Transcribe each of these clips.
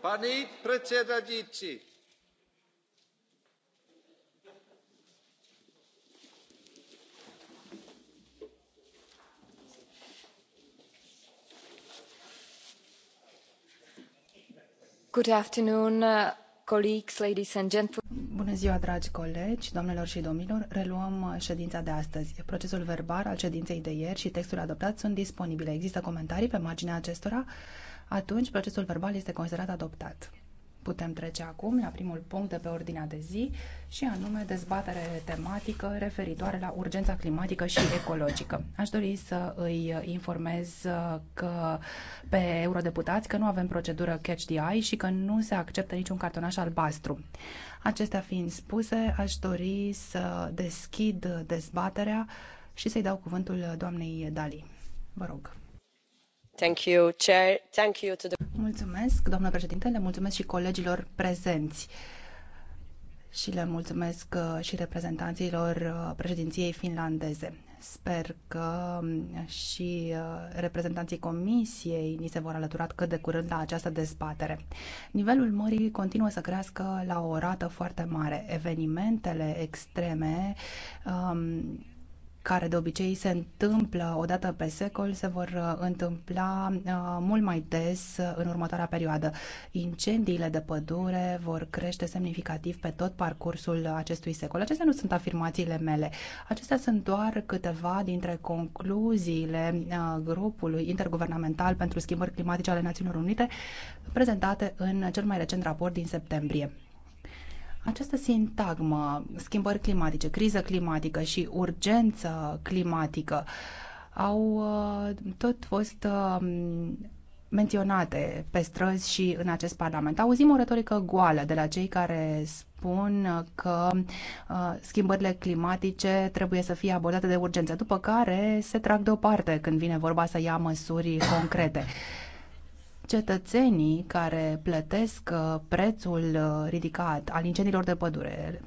Pani predsedajúci. Good afternoon, uh, colleagues, ladies and gentlemen. Bună ziua, dragi colegi, doamnelor și domnilor. Reluăm uh, ședința de astăzi. Procesul verbal al ședinței de ieri și textul adoptat sunt disponibile. Există comentarii pe marginea acestora? atunci procesul verbal este considerat adoptat. Putem trece acum la primul punct de pe ordinea de zi și anume dezbatere tematică referitoare la urgența climatică și ecologică. Aș dori să îi informez că pe eurodeputați că nu avem procedură catch the eye și că nu se acceptă niciun cartonaș albastru. Acestea fiind spuse, aș dori să deschid dezbaterea și să-i dau cuvântul doamnei Dali. Vă rog. Mulțumesc, doamnă președinte, le mulțumesc și colegilor prezenți și le mulțumesc uh, și reprezentanților uh, președinției finlandeze. Sper că um, și uh, reprezentanții comisiei ni se vor alătura cât de curând la această dezbatere. Nivelul mării continuă să crească la o rată foarte mare. Evenimentele extreme um, care de obicei se întâmplă o dată pe secol, se vor uh, întâmpla uh, mult mai des uh, în următoarea perioadă. Incendiile de pădure vor crește semnificativ pe tot parcursul acestui secol. Acestea nu sunt afirmațiile mele. Acestea sunt doar câteva dintre concluziile grupului interguvernamental pentru schimbări climatice ale Națiunilor Unite prezentate în cel mai recent raport din septembrie. Această sintagmă, schimbări climatice, criză climatică și urgență climatică, au uh, tot fost uh, menționate pe străzi și în acest Parlament. Auzim o retorică goală de la cei care spun că uh, schimbările climatice trebuie să fie abordate de urgență, după care se trag deoparte când vine vorba să ia măsuri concrete cetățenii care plătesc uh, prețul uh, ridicat al incendiilor de pădure,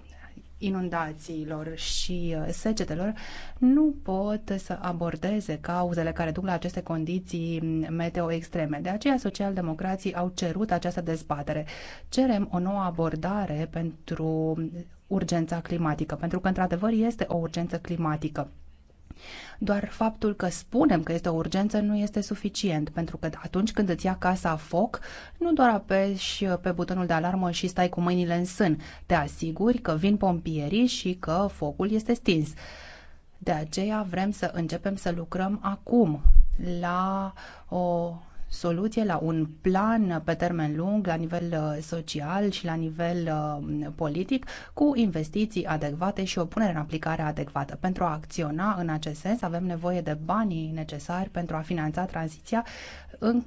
inundațiilor și uh, secetelor nu pot să abordeze cauzele care duc la aceste condiții mm, meteo extreme. De aceea socialdemocrații au cerut această dezbatere. Cerem o nouă abordare pentru urgența climatică, pentru că într-adevăr este o urgență climatică. Doar faptul că spunem că este o urgență nu este suficient, pentru că atunci când îți ia casa foc, nu doar apeși pe butonul de alarmă și stai cu mâinile în sân, te asiguri că vin pompierii și că focul este stins. De aceea vrem să începem să lucrăm acum la o soluție, la un plan pe termen lung, la nivel uh, social și la nivel uh, politic, cu investiții adecvate și o punere în aplicare adecvată. Pentru a acționa în acest sens, avem nevoie de banii necesari pentru a finanța tranziția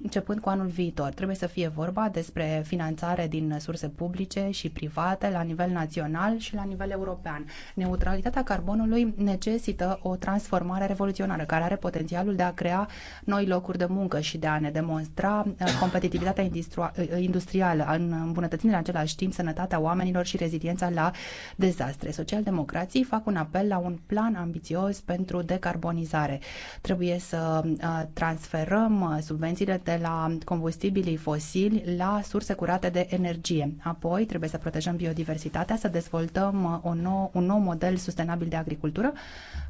începând cu anul viitor. Trebuie să fie vorba despre finanțare din surse publice și private la nivel național și la nivel european. Neutralitatea carbonului necesită o transformare revoluționară care are potențialul de a crea noi locuri de muncă și de a ne demonstra demonstra uh, competitivitatea uh, industrială, în îmbunătățirea în același timp sănătatea oamenilor și reziliența la dezastre. Socialdemocrații fac un apel la un plan ambițios pentru decarbonizare. Trebuie să uh, transferăm subvențiile de la combustibilii fosili la surse curate de energie. Apoi trebuie să protejăm biodiversitatea, să dezvoltăm o nou, un nou model sustenabil de agricultură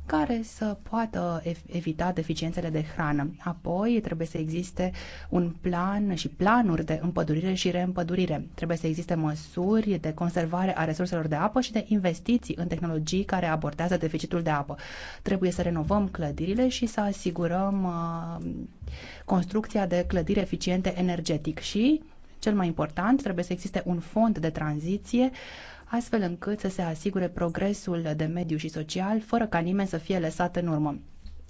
care să poată evita deficiențele de hrană. Apoi trebuie să existe un plan și planuri de împădurire și reîmpădurire. Trebuie să existe măsuri de conservare a resurselor de apă și de investiții în tehnologii care abordează deficitul de apă. Trebuie să renovăm clădirile și să asigurăm uh, construcția de clădiri eficiente energetic și cel mai important, trebuie să existe un fond de tranziție astfel încât să se asigure progresul de mediu și social, fără ca nimeni să fie lăsat în urmă.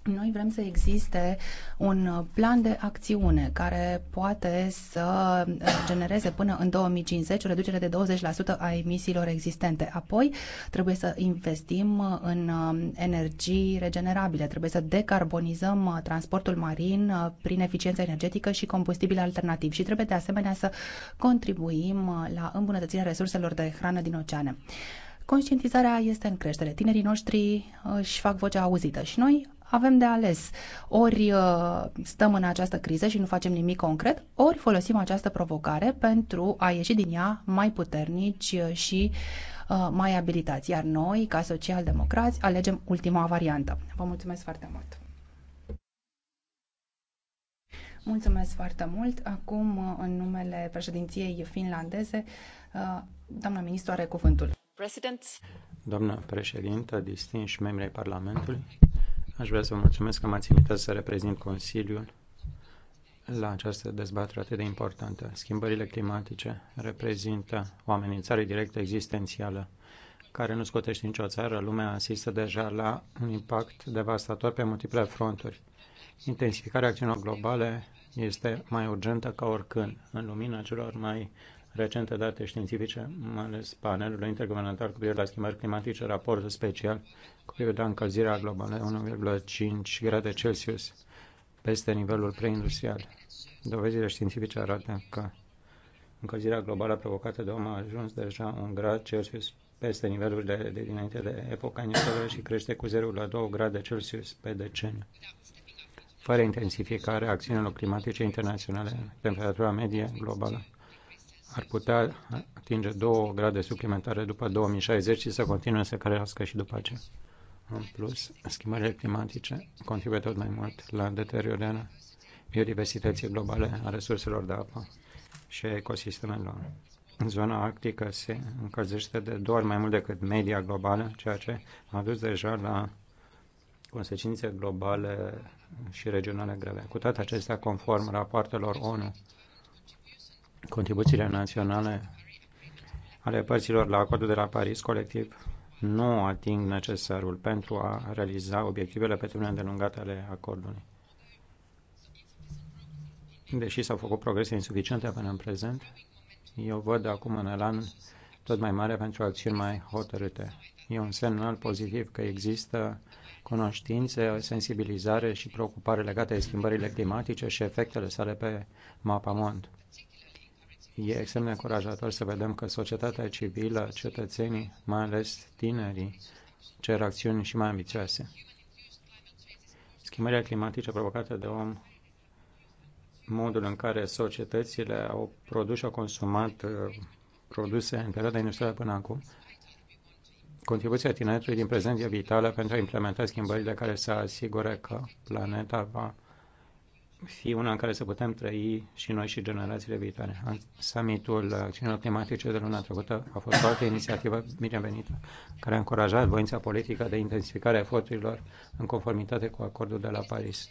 Noi vrem să existe un plan de acțiune care poate să uh, genereze până în 2050 o reducere de 20% a emisiilor existente. Apoi trebuie să investim în um, energii regenerabile, trebuie să decarbonizăm uh, transportul marin uh, prin eficiență energetică și combustibile alternativi și trebuie de asemenea să contribuim la îmbunătățirea resurselor de hrană din oceane. Conștientizarea este în creștere. Tinerii noștri își fac vocea auzită și noi avem de ales. Ori uh, stăm în această criză și nu facem nimic concret, ori folosim această provocare pentru a ieși din ea mai puternici uh, și uh, mai abilitați. Iar noi, ca socialdemocrați, alegem ultima variantă. Vă mulțumesc foarte mult! Mulțumesc foarte mult. Acum, în numele președinției finlandeze, doamna ministru are cuvântul. President. Doamna președintă, distinși membri ai Parlamentului, Aș vrea să vă mulțumesc că m-ați invitat să reprezint Consiliul la această dezbatere atât de importantă. Schimbările climatice reprezintă o amenințare directă existențială care nu scotește nicio țară. Lumea asistă deja la un impact devastator pe multiple fronturi. Intensificarea acțiunilor globale este mai urgentă ca oricând, în lumina celor mai Recente date științifice, mai ales panelul interguvernamental cu privire la schimbări climatice, raport special cu privire la încălzirea globală 1,5 grade Celsius peste nivelul preindustrial. Dovezile științifice arată că încălzirea globală provocată de om a ajuns deja un grad Celsius peste nivelurile de, de dinainte de epoca inițială și crește cu 0,2 grade Celsius pe deceniu. Fără intensificare acțiunilor climatice internaționale, temperatura medie globală ar putea atinge 2 grade suplimentare după 2060 și să continue să crească și după aceea. În plus, schimbările climatice contribuie tot mai mult la deteriorarea biodiversității globale a resurselor de apă și a ecosistemelor. În zona arctică se încălzește de două ori mai mult decât media globală, ceea ce a dus deja la consecințe globale și regionale grave. Cu toate acestea, conform rapoartelor ONU, Contribuțiile naționale ale părților la acordul de la Paris colectiv nu ating necesarul pentru a realiza obiectivele pe termen îndelungat ale acordului. Deși s-au făcut progrese insuficiente până în prezent, eu văd acum un elan tot mai mare pentru acțiuni mai hotărâte. E un semnal pozitiv că există cunoștințe, sensibilizare și preocupare legate de schimbările climatice și efectele sale pe mapamont. E extrem de încurajator să vedem că societatea civilă, cetățenii, mai ales tinerii, cer acțiuni și mai ambițioase. Schimbările climatice provocate de om, modul în care societățile au produs și au consumat uh, produse în perioada industrială până acum, contribuția tineretului din prezent e vitală pentru a implementa schimbările care să asigure că planeta va fi una în care să putem trăi și noi și generațiile viitoare. În summitul acțiunilor climatice de luna trecută a fost o altă inițiativă binevenită care a încurajat voința politică de intensificare a eforturilor în conformitate cu acordul de la Paris.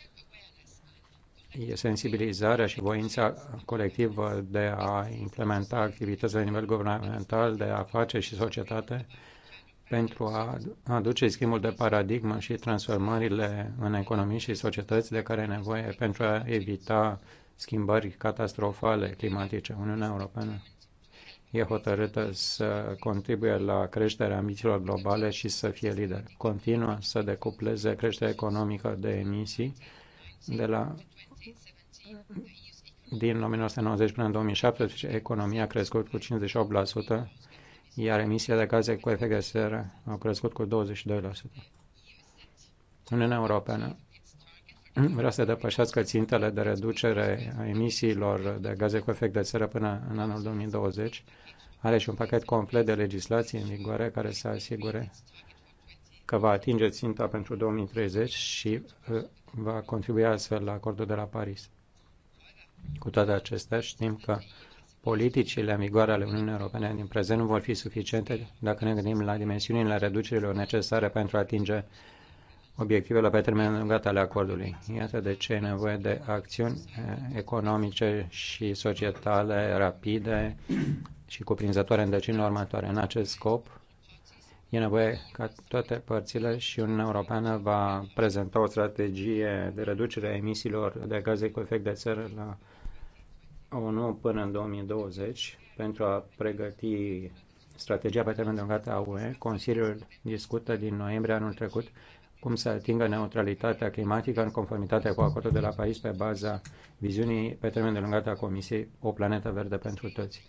E sensibilizarea și voința colectivă de a implementa activități la nivel guvernamental, de a face și societate pentru a aduce schimbul de paradigmă și transformările în economii și societăți de care e nevoie pentru a evita schimbări catastrofale climatice. Uniunea Europeană e hotărâtă să contribuie la creșterea ambițiilor globale și să fie lider. Continuă să decupleze creșterea economică de emisii de la din 1990 până în 2017, economia a crescut cu 58%, iar emisiile de gaze cu efect de seră au crescut cu 22%. Uniunea Europeană vrea să depășească țintele de reducere a emisiilor de gaze cu efect de seră până în anul 2020. Are și un pachet complet de legislație în vigoare care să asigure că va atinge ținta pentru 2030 și uh, va contribui astfel la acordul de la Paris. Cu toate acestea, știm că politicile în vigoare ale Uniunii Europene din prezent nu vor fi suficiente dacă ne gândim la dimensiunile reducerilor necesare pentru a atinge obiectivele pe termen lungat ale acordului. Iată de ce e nevoie de acțiuni eh, economice și societale rapide și cuprinzătoare în decenile următoare. În acest scop, e nevoie ca toate părțile și Uniunea Europeană va prezenta o strategie de reducere a emisiilor de gaze cu efect de seră la o nouă până în 2020 pentru a pregăti strategia pe termen îndelungat a UE. Consiliul discută din noiembrie anul trecut cum să atingă neutralitatea climatică în conformitate cu acordul de la Paris pe baza viziunii pe termen îndelungat a Comisiei O planetă verde pentru toți.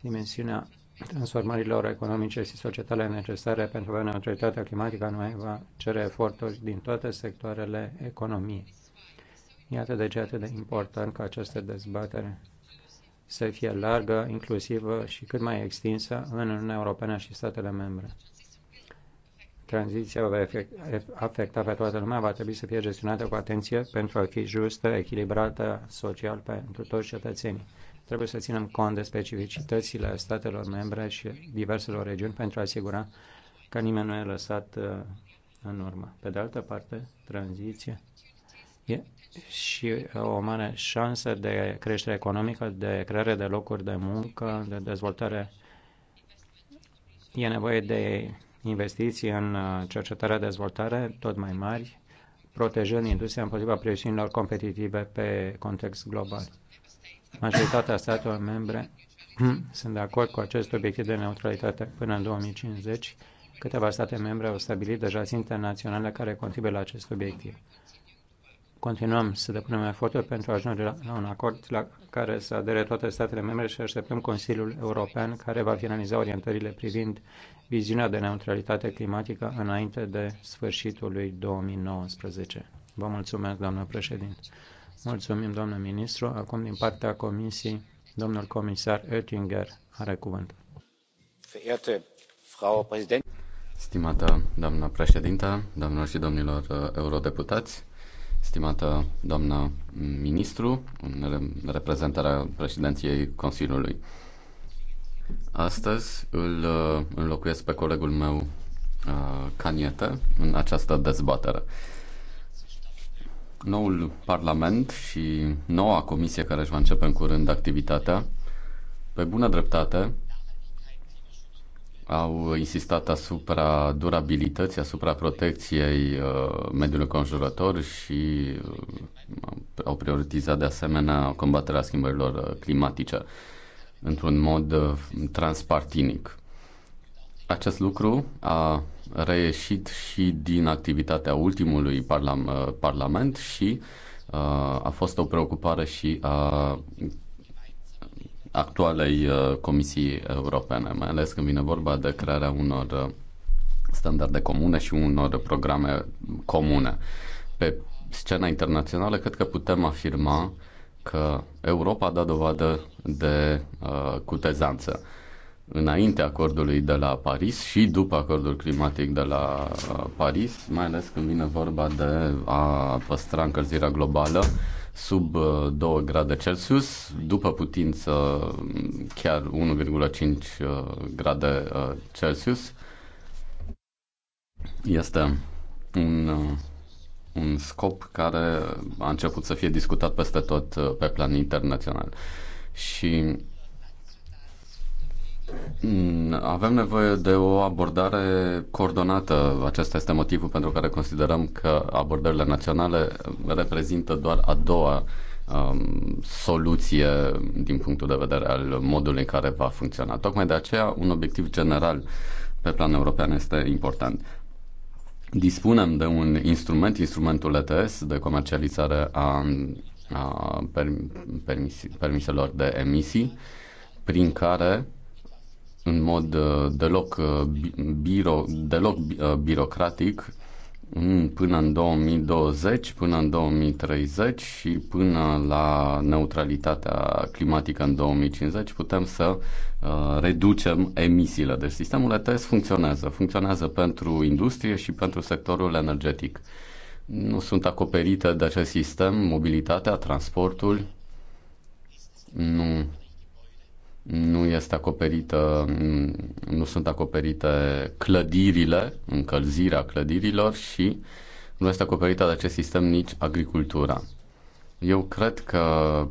Dimensiunea transformărilor economice și societale necesare pentru a neutralitatea climatică nu va cere eforturi din toate sectoarele economiei. Iată de ce atât de important ca această dezbatere să fie largă, inclusivă și cât mai extinsă în Uniunea Europeană și statele membre. Tranziția va afecta pe toată lumea, va trebui să fie gestionată cu atenție pentru a fi justă, echilibrată social pentru toți cetățenii. Trebuie să ținem cont de specificitățile statelor membre și diverselor regiuni pentru a asigura că nimeni nu e lăsat uh, în urmă. Pe de altă parte, tranziția și uh, o mare șansă de creștere economică, de creare de locuri de muncă, de dezvoltare. E nevoie de investiții în uh, cercetarea dezvoltare tot mai mari, protejând industria împotriva presiunilor competitive pe context global. Majoritatea statelor membre sunt de acord cu acest obiectiv de neutralitate până în 2050. Câteva state membre au stabilit deja ținte naționale care contribuie la acest obiectiv. Continuăm să depunem eforturi pentru a ajunge la, la un acord la care să adere toate statele membre și așteptăm Consiliul European care va finaliza orientările privind viziunea de neutralitate climatică înainte de sfârșitul lui 2019. Vă mulțumesc, doamnă președinte. Mulțumim, doamnă ministru. Acum, din partea Comisiei, domnul comisar Oettinger are cuvânt. Stimată doamnă președintă, doamnelor și domnilor uh, eurodeputați, stimată doamnă ministru, în reprezentarea președinției Consiliului. Astăzi îl uh, înlocuiesc pe colegul meu uh, Caniete în această dezbatere. Noul Parlament și noua comisie care își va începe în curând activitatea, pe bună dreptate, au insistat asupra durabilității, asupra protecției uh, mediului conjurător și uh, au prioritizat de asemenea combaterea schimbărilor uh, climatice într-un mod transpartinic. Acest lucru a reieșit și din activitatea ultimului parlam- parlament și a fost o preocupare și a actualei uh, Comisii Europene, mai ales când vine vorba de crearea unor uh, standarde comune și unor programe comune. Pe scena internațională, cred că putem afirma că Europa a dat dovadă de uh, cutezanță înainte acordului de la Paris și după acordul climatic de la uh, Paris, mai ales când vine vorba de a păstra încălzirea globală sub 2 uh, grade Celsius, după putință chiar 1,5 uh, grade uh, Celsius. Este un, un scop care a început să fie discutat peste tot pe plan internațional. Și Mm, avem nevoie de o abordare coordonată. Acesta este motivul pentru care considerăm că abordările naționale reprezintă doar a doua um, soluție din punctul de vedere al modului în care va funcționa. Tocmai de aceea, un obiectiv general pe plan european este important. Dispunem de un instrument, instrumentul ETS, de comercializare a, a permis, permiselor de emisii, prin care în mod uh, deloc, uh, biro, deloc uh, birocratic până în 2020, până în 2030 și până la neutralitatea climatică în 2050 putem să reducem emisiile. Deci sistemul ETS funcționează. Funcționează pentru industrie și pentru sectorul energetic. Nu sunt acoperite de acest sistem mobilitatea, transportul, nu nu este acoperită, nu sunt acoperite clădirile, încălzirea clădirilor și nu este acoperită de acest sistem nici agricultura. Eu cred că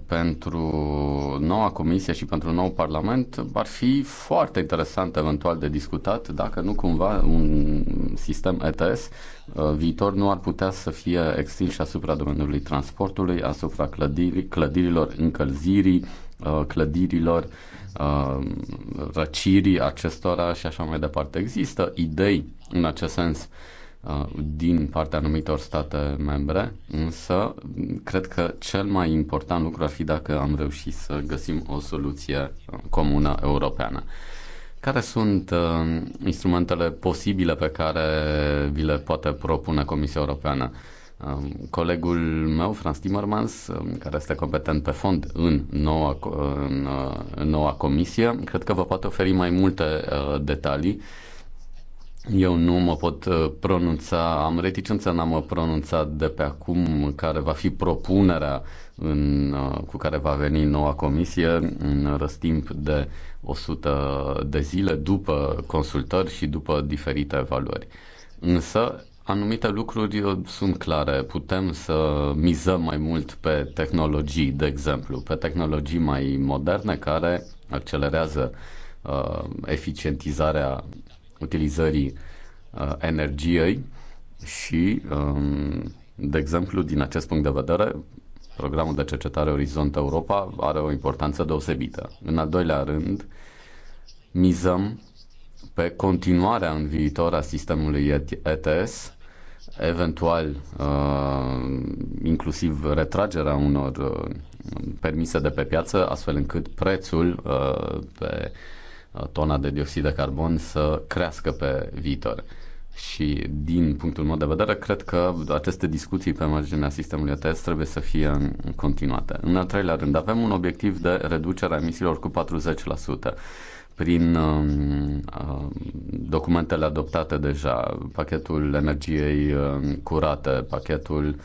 pentru noua comisie și pentru nou parlament ar fi foarte interesant eventual de discutat dacă nu cumva un sistem ETS uh, viitor nu ar putea să fie extins și asupra domeniului transportului, asupra clădiri, clădirilor, încălzirii, Uh, clădirilor, uh, răcirii acestora și așa mai departe. Există idei în acest sens uh, din partea anumitor state membre, însă cred că cel mai important lucru ar fi dacă am reușit să găsim o soluție comună europeană. Care sunt uh, instrumentele posibile pe care vi le poate propune Comisia Europeană? Um, colegul meu, Franz Timmermans, um, care este competent pe fond în noua, în, uh, în noua comisie, cred că vă poate oferi mai multe uh, detalii. Eu nu mă pot uh, pronunța, am reticență n-am pronunțat de pe acum care va fi propunerea în, cu care va veni noua comisie în răstimp de 100 de zile după consultări și după diferite evaluări. Însă Anumite lucruri sunt clare. Putem să mizăm mai mult pe tehnologii, de exemplu, pe tehnologii mai moderne care accelerează uh, eficientizarea utilizării uh, energiei și, um, de exemplu, din acest punct de vedere, programul de cercetare Orizont Europa are o importanță deosebită. În al doilea rând, mizăm pe continuarea în viitor a sistemului ETS eventual uh, inclusiv retragerea unor uh, permise de pe piață, astfel încât prețul uh, pe tona de dioxid de carbon să crească pe viitor. Și din punctul meu de vedere, cred că aceste discuții pe marginea sistemului ETS trebuie să fie continuate. În al treilea rând, avem un obiectiv de reducere a emisiilor cu 40% prin um, uh, documentele adoptate deja, pachetul energiei um, curate, pachetul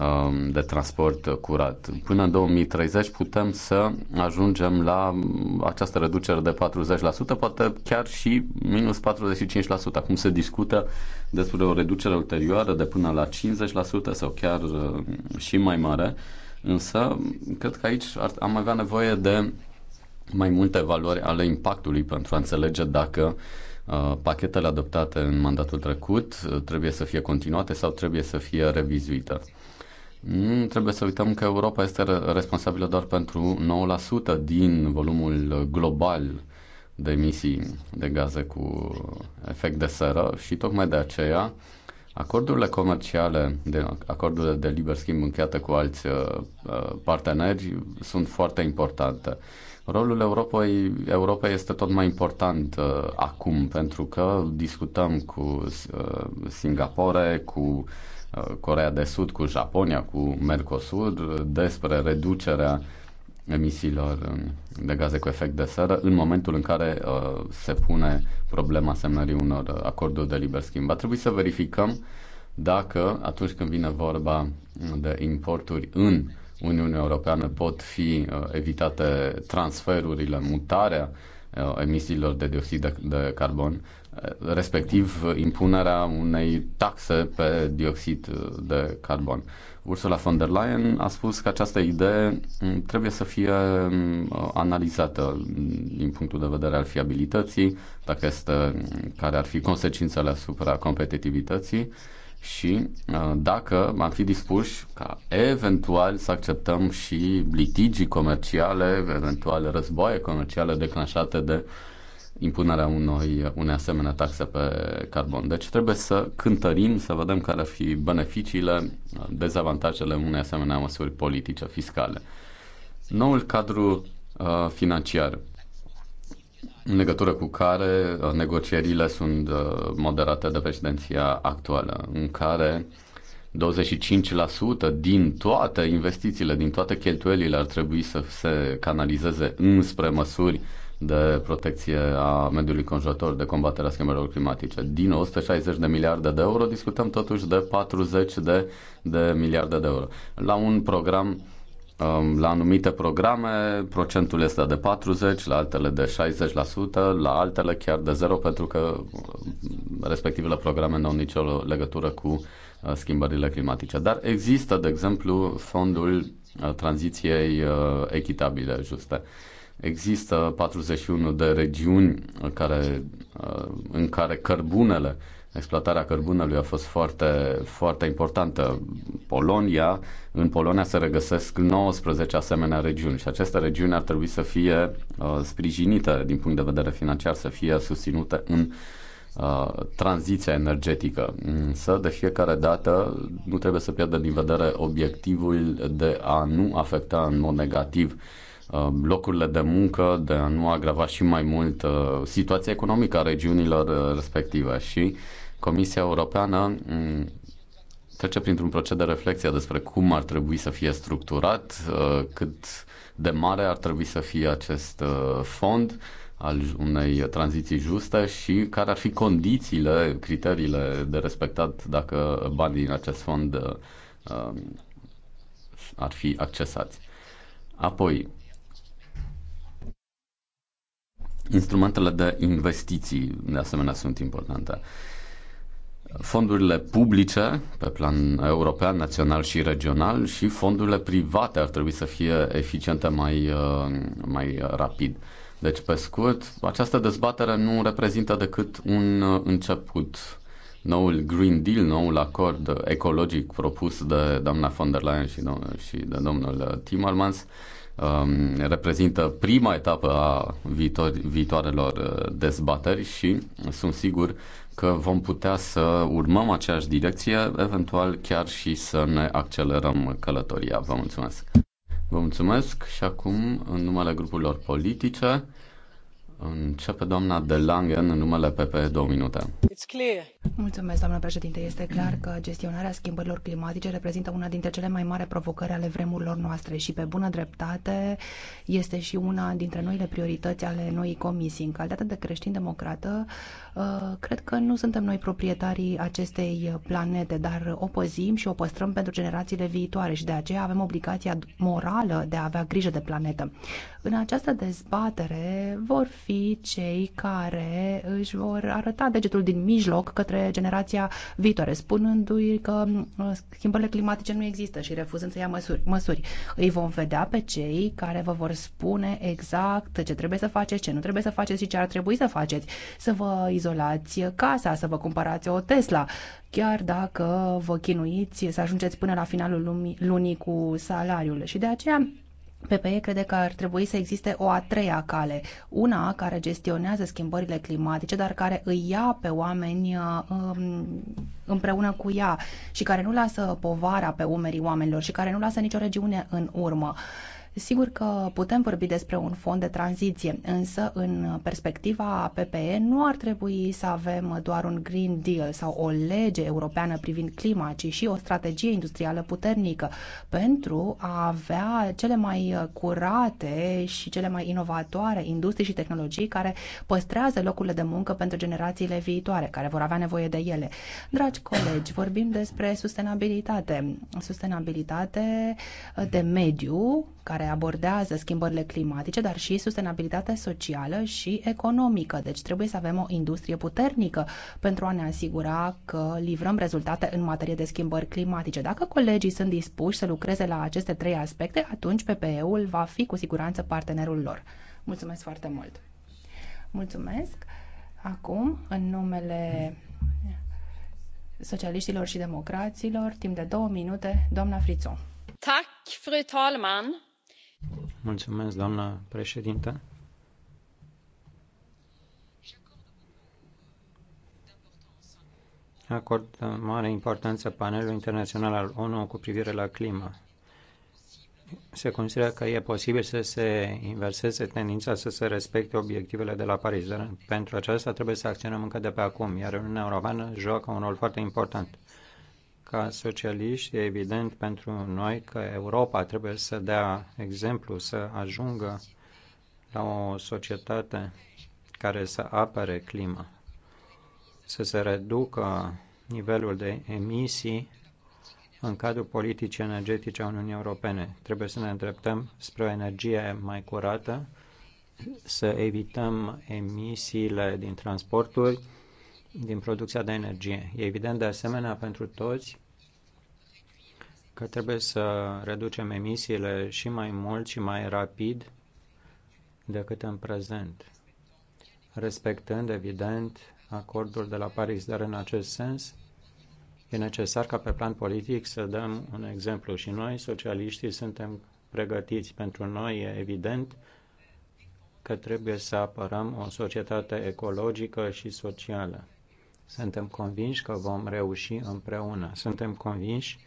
um, de transport curat. Până în 2030 putem să ajungem la această reducere de 40%, poate chiar și minus 45%. Acum se discută despre o reducere ulterioară de până la 50% sau chiar uh, și mai mare, însă cred că aici am avea nevoie de mai multe valori ale impactului pentru a înțelege dacă uh, pachetele adoptate în mandatul trecut uh, trebuie să fie continuate sau trebuie să fie revizuite. Trebuie să uităm că Europa este responsabilă doar pentru 9% din volumul global de emisii de gaze cu efect de seră și tocmai de aceea acordurile comerciale, de, acordurile de liber schimb încheiate cu alți uh, uh parteneri sunt foarte importante. Rolul Europei, Europei este tot mai important uh, acum pentru că discutăm cu uh, Singapore, cu uh, Corea de Sud, cu Japonia, cu Mercosur uh, despre reducerea emisiilor um, de gaze cu efect de seră în momentul în care uh, se pune problema semnării unor acorduri de liber schimb. Va trebui să verificăm dacă atunci când vine vorba de importuri în uh, Uniunii Europeană pot fi uh, evitate transferurile, mutarea uh, emisiilor de dioxid de, de carbon, uh, respectiv impunerea unei taxe pe dioxid de carbon. Ursula von der Leyen a spus că această idee mm, trebuie să fie mm, analizată mm, din punctul de vedere al fiabilității, dacă este, care ar fi consecințele asupra competitivității și uh, dacă am fi dispuși ca eventual să acceptăm și litigii comerciale, eventuale războaie comerciale declanșate de impunerea unui, unei asemenea taxe pe carbon. Deci trebuie să cântărim, să vedem care ar fi beneficiile, dezavantajele unei asemenea măsuri politice, fiscale. Noul cadru uh, financiar în legătură cu care uh, negocierile sunt uh, moderate de președinția actuală, în care 25% din toate investițiile, din toate cheltuielile ar trebui să se canalizeze înspre măsuri de protecție a mediului conjurător, de combaterea schimbărilor climatice. Din 160 de miliarde de euro discutăm totuși de 40 de, de miliarde de euro. La un program Um, la anumite programe procentul este de 40, la altele de 60%, la altele chiar de 0 pentru că um, respectivele programe nu au nicio legătură cu uh, schimbările climatice. Dar există, de exemplu, fondul uh, tranziției uh, echitabile, juste. Există 41 de regiuni în care, în care cărbunele exploatarea cărbunelui a fost foarte, foarte importantă. Polonia, în Polonia se regăsesc 19 asemenea regiuni și aceste regiuni ar trebui să fie uh, sprijinite din punct de vedere financiar, să fie susținute în uh, tranziția energetică. Însă, de fiecare dată, nu trebuie să pierdă din vedere obiectivul de a nu afecta în mod negativ uh, locurile de muncă, de a nu agrava și mai mult uh, situația economică a regiunilor uh, respective și uh, Comisia Europeană mm, trece printr-un proces de reflexie despre cum ar trebui să fie structurat, uh, cât de mare ar trebui să fie acest uh, fond al unei tranziții juste și care ar fi condițiile, criteriile de respectat dacă banii din acest fond uh, um, ar fi accesați. Apoi, instrumentele de investiții, de asemenea, sunt importante fondurile publice pe plan european, național și regional și fondurile private ar trebui să fie eficiente mai, uh, mai rapid. Deci, pe scurt, această dezbatere nu reprezintă decât un uh, început. Noul Green Deal, noul acord ecologic propus de doamna von der Leyen și, de domnul Timmermans um, reprezintă prima etapă a viitor, viitoarelor uh, dezbateri și sunt sigur că vom putea să urmăm aceeași direcție, eventual chiar și să ne accelerăm călătoria. Vă mulțumesc! Vă mulțumesc și acum, în numele grupurilor politice, Începe doamna de Lange în numele PP două minute. Mulțumesc, doamna președinte. Este clar că gestionarea schimbărilor climatice reprezintă una dintre cele mai mari provocări ale vremurilor noastre și, pe bună dreptate, este și una dintre noile priorități ale noii comisii. În calitate de creștin-democrată, uh, cred că nu suntem noi proprietarii acestei planete, dar o păzim și o păstrăm pentru generațiile viitoare și de aceea avem obligația morală de a avea grijă de planetă. În această dezbatere vor fi fi cei care își vor arăta degetul din mijloc către generația viitoare, spunându-i că uh, schimbările climatice nu există și refuzând să ia măsuri. măsuri. Îi vom vedea pe cei care vă vor spune exact ce trebuie să faceți, ce nu trebuie să faceți și ce ar trebui să faceți. Să vă izolați casa, să vă cumpărați o Tesla, chiar dacă vă chinuiți să ajungeți până la finalul lumii, lunii cu salariul. Și de aceea PPE crede că ar trebui să existe o a treia cale, una care gestionează schimbările climatice, dar care îi ia pe oameni uh, um, împreună cu ea și care nu lasă povara pe umerii oamenilor și care nu lasă nicio regiune în urmă. Sigur că putem vorbi despre un fond de tranziție, însă în perspectiva PPE nu ar trebui să avem doar un Green Deal sau o lege europeană privind clima, ci și o strategie industrială puternică pentru a avea cele mai curate și cele mai inovatoare industrii și tehnologii care păstrează locurile de muncă pentru generațiile viitoare, care vor avea nevoie de ele. Dragi colegi, vorbim despre sustenabilitate. Sustenabilitate de mediu, care abordează schimbările climatice, dar și sustenabilitatea socială și economică. Deci trebuie să avem o industrie puternică pentru a ne asigura că livrăm rezultate în materie de schimbări climatice. Dacă colegii sunt dispuși să lucreze la aceste trei aspecte, atunci PPE-ul va fi cu siguranță partenerul lor. Mulțumesc foarte mult! Mulțumesc! Acum, în numele socialiștilor și democraților, timp de două minute, doamna Frițo. Tak, fru talman! Mulțumesc, doamnă președintă. acord mare importanță panelului internațional al ONU cu privire la climă. Se consideră că e posibil să se inverseze tendința să se respecte obiectivele de la Paris, dar pentru aceasta trebuie să acționăm încă de pe acum, iar Uniunea Europeană joacă un rol foarte important. Ca socialiști, e evident pentru noi că Europa trebuie să dea exemplu, să ajungă la o societate care să apere clima, să se reducă nivelul de emisii în cadrul politicii energetice a Uniunii Europene. Trebuie să ne îndreptăm spre o energie mai curată, să evităm emisiile din transporturi, din producția de energie. E evident de asemenea pentru toți că trebuie să reducem emisiile și mai mult și mai rapid decât în prezent, respectând, evident, acordul de la Paris. Dar în acest sens, e necesar ca pe plan politic să dăm un exemplu și noi, socialiștii, suntem pregătiți. Pentru noi e evident că trebuie să apărăm o societate ecologică și socială. Suntem convinși că vom reuși împreună. Suntem convinși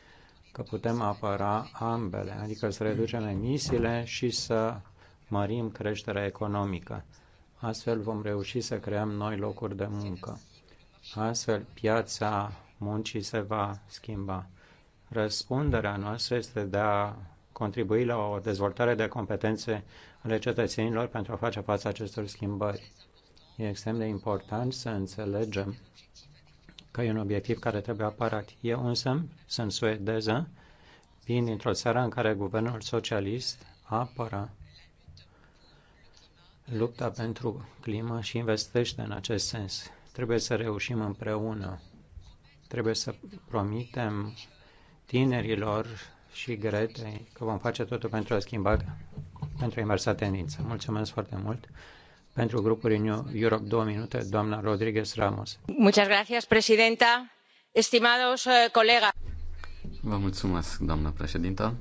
că putem apăra ambele, adică să reducem emisiile și să mărim creșterea economică. Astfel vom reuși să creăm noi locuri de muncă. Astfel, piața muncii se va schimba. Răspunderea noastră este de a contribui la o dezvoltare de competențe ale cetățenilor pentru a face față acestor schimbări. E extrem de important să înțelegem că e un obiectiv care trebuie aparat. Eu însă sunt suedeză, vin dintr-o țară în care guvernul socialist apără lupta pentru climă și investește în acest sens. Trebuie să reușim împreună. Trebuie să promitem tinerilor și Gretei că vom face totul pentru a schimba, pentru a inversa tendința. Mulțumesc foarte mult! Pentru grupul Renew Europe, două minute, doamna Rodriguez Ramos. Muchas gracias, presidenta. Estimados eh, colegas. Vă mulțumesc, doamna președintă.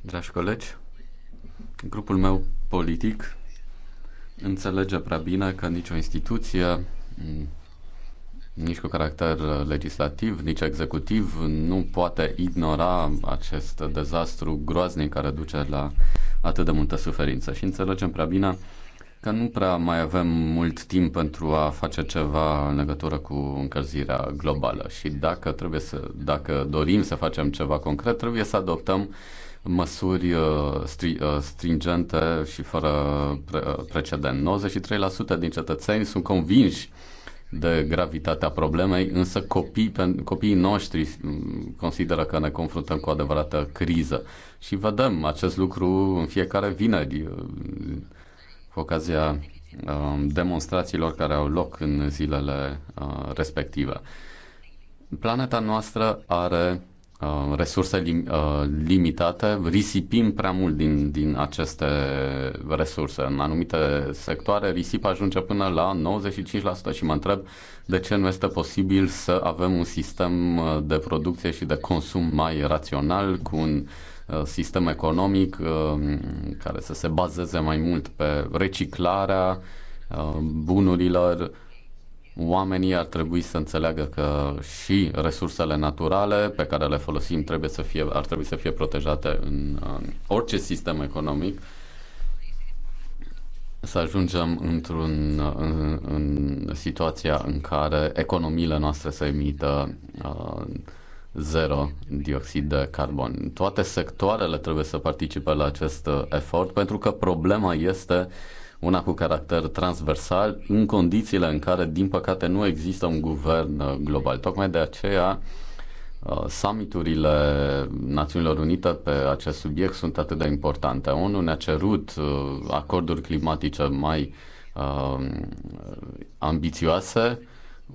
Dragi colegi, grupul meu politic înțelege prea bine că nicio instituție, mm, nici cu caracter legislativ, nici executiv, nu poate ignora acest dezastru groaznic care duce la atât de multă suferință. Și înțelegem prea bine că nu prea mai avem mult timp pentru a face ceva în legătură cu încălzirea globală și dacă trebuie să, dacă dorim să facem ceva concret, trebuie să adoptăm măsuri uh, uh, stringente și fără uh, precedent. 93% din cetățeni sunt convinși de gravitatea problemei, însă copii, copiii noștri mm, consideră că ne confruntăm cu o adevărată criză. Și vedem acest lucru în fiecare vineri cu ocazia um, demonstrațiilor care au loc în zilele uh, respective. Planeta noastră are uh, resurse uh, limitate, risipim prea mult din, din aceste resurse. În anumite sectoare, risip ajunge până la 95% și mă întreb de ce nu este posibil să avem un sistem de producție și de consum mai rațional, cu un uh, Uh, sistem economic uh, care să se bazeze mai mult pe reciclarea uh, bunurilor. Oamenii ar trebui să înțeleagă că și resursele naturale pe care le folosim trebuie să fie, ar trebui să fie protejate în orice sistem economic să ajungem într-un, în, în situația în care economiile noastre să emită uh, zero dioxid de carbon. Toate sectoarele trebuie să participe la acest uh, efort pentru că problema este una cu caracter transversal în condițiile în care, din păcate, nu există un guvern uh, global. Tocmai de aceea uh, summiturile Națiunilor Unite pe acest subiect sunt atât de importante. ONU ne-a cerut acorduri climatice mai ambițioase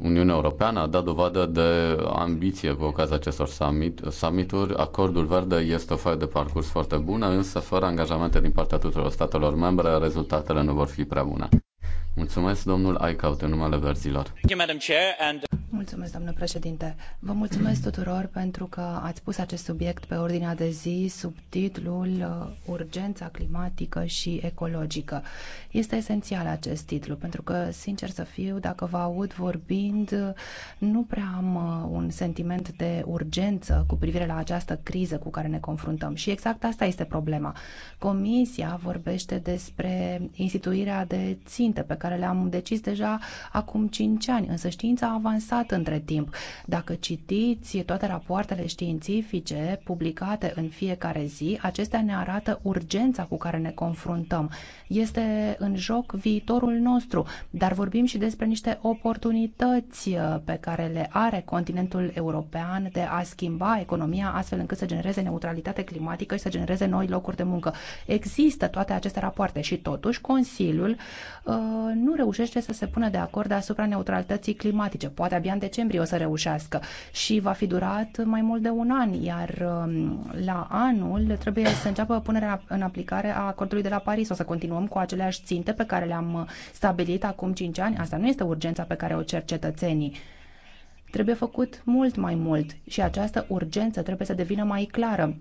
Uniunea Europeană a dat dovadă de ambiție cu ocazia acestor summit, summituri. Acordul verde este o foaie de parcurs foarte bună, însă fără angajamente din partea tuturor statelor membre, rezultatele nu vor fi prea bune. Mulțumesc, domnul Aicaut, în numele verzilor. Mulțumesc, doamnă președinte. Vă mulțumesc tuturor pentru că ați pus acest subiect pe ordinea de zi sub titlul uh, Urgența climatică și ecologică. Este esențial acest titlu pentru că, sincer să fiu, dacă vă aud vorbind, nu prea am uh, un sentiment de urgență cu privire la această criză cu care ne confruntăm. Și exact asta este problema. Comisia vorbește despre instituirea de ținte pe care le-am decis deja acum 5 ani, însă știința a avansat schimbat între timp. Dacă citiți toate rapoartele științifice publicate în fiecare zi, acestea ne arată urgența cu care ne confruntăm. Este în joc viitorul nostru, dar vorbim și despre niște oportunități uh, pe care le are continentul european de a schimba economia astfel încât să genereze neutralitate climatică și să genereze noi locuri de muncă. Există toate aceste rapoarte și totuși Consiliul uh, nu reușește să se pună de acord asupra neutralității climatice. Poate abia abia în decembrie o să reușească și va fi durat mai mult de un an, iar um, la anul trebuie să înceapă punerea în aplicare a acordului de la Paris. O să continuăm cu aceleași ținte pe care le-am uh, stabilit acum 5 ani. Asta nu este urgența pe care o cer cetățenii. Trebuie făcut mult mai mult și această urgență trebuie să devină mai clară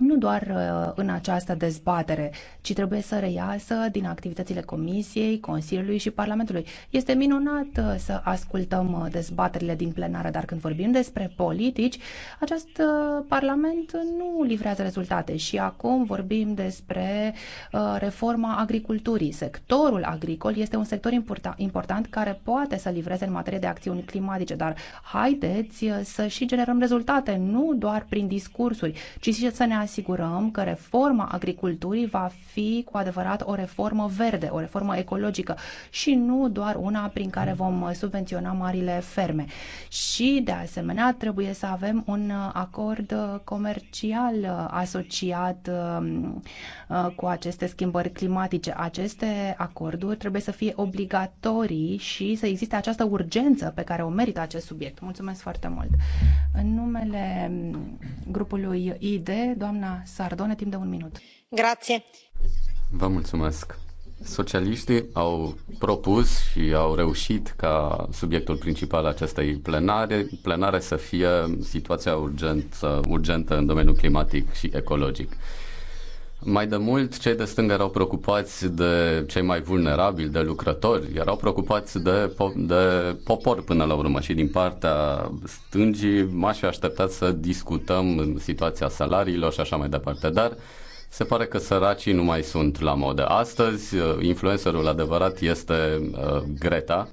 nu doar uh, în această dezbatere, ci trebuie să reiasă din activitățile Comisiei, Consiliului și Parlamentului. Este minunat uh, să ascultăm uh, dezbaterile din plenară, dar când vorbim despre politici, acest Parlament nu livrează rezultate și acum vorbim despre reforma agriculturii. Sectorul agricol este un sector important care poate să livreze în materie de acțiuni climatice, dar haideți să și generăm rezultate, nu doar prin discursuri, ci și să ne asigurăm că reforma agriculturii va fi cu adevărat o reformă verde, o reformă ecologică și nu doar una prin care vom subvenționa marile ferme. Și, de asemenea, trebuie să avem un acord comercial asociat um, Uh, cu aceste schimbări climatice. Aceste acorduri trebuie să fie obligatorii și să existe această urgență pe care o merită acest subiect. Mulțumesc foarte mult. În numele grupului ID, doamna Sardone, timp de un minut. Grație. Vă mulțumesc. Socialiștii au propus și au reușit ca subiectul principal acestei plenare, plenare să fie situația urgent, urgentă în domeniul climatic și ecologic. Mai de mult, cei de stânga erau preocupați de cei mai vulnerabili, de lucrători, erau preocupați de, po- de popor până la urmă și din partea stângii m-aș fi așteptat să discutăm situația salariilor și așa mai departe, dar se pare că săracii nu mai sunt la modă. Astăzi, influencerul adevărat este uh, Greta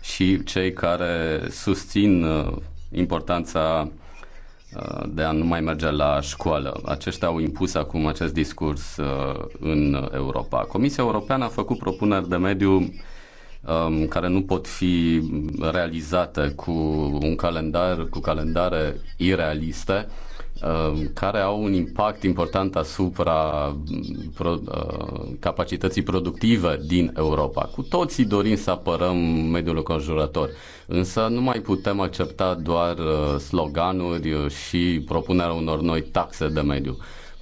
și cei care susțin uh, importanța Uh, de a nu mai merge la școală. Aceștia au impus acum acest discurs uh, în Europa. Comisia Europeană a făcut propuneri de mediu um, care nu pot fi realizate cu un calendar, cu calendare irealiste Um, care au un impact important asupra pro, uh, capacității productive din Europa. Cu toții dorim să apărăm mediul conjurător, însă nu mai putem accepta doar uh, sloganuri și propunerea unor noi taxe de mediu.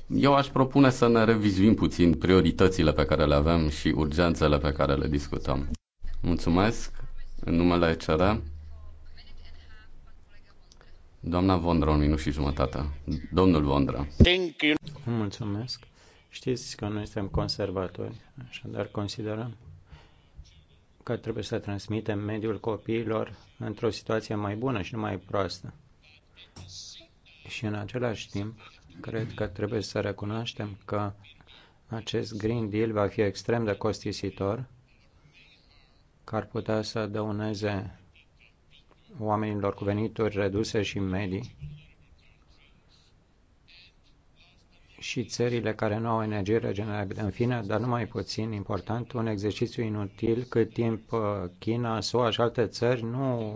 Eu aș propune să ne revizuim puțin prioritățile pe care le avem și urgențele pe care le discutăm. Mulțumesc. În numele CRM. Doamna Vondra, un minut și jumătate. Domnul Vondra. Thank you. Mulțumesc. Știți că noi suntem conservatori, așadar considerăm că trebuie să transmitem mediul copiilor într-o situație mai bună și nu mai proastă. Și în același timp, cred că trebuie să recunoaștem că acest Green Deal va fi extrem de costisitor, că ar putea să dăuneze oamenilor cu venituri reduse și medii și țările care nu au energie regenerabilă. În fine, dar nu mai puțin important, un exercițiu inutil cât timp uh, China, SUA și alte țări nu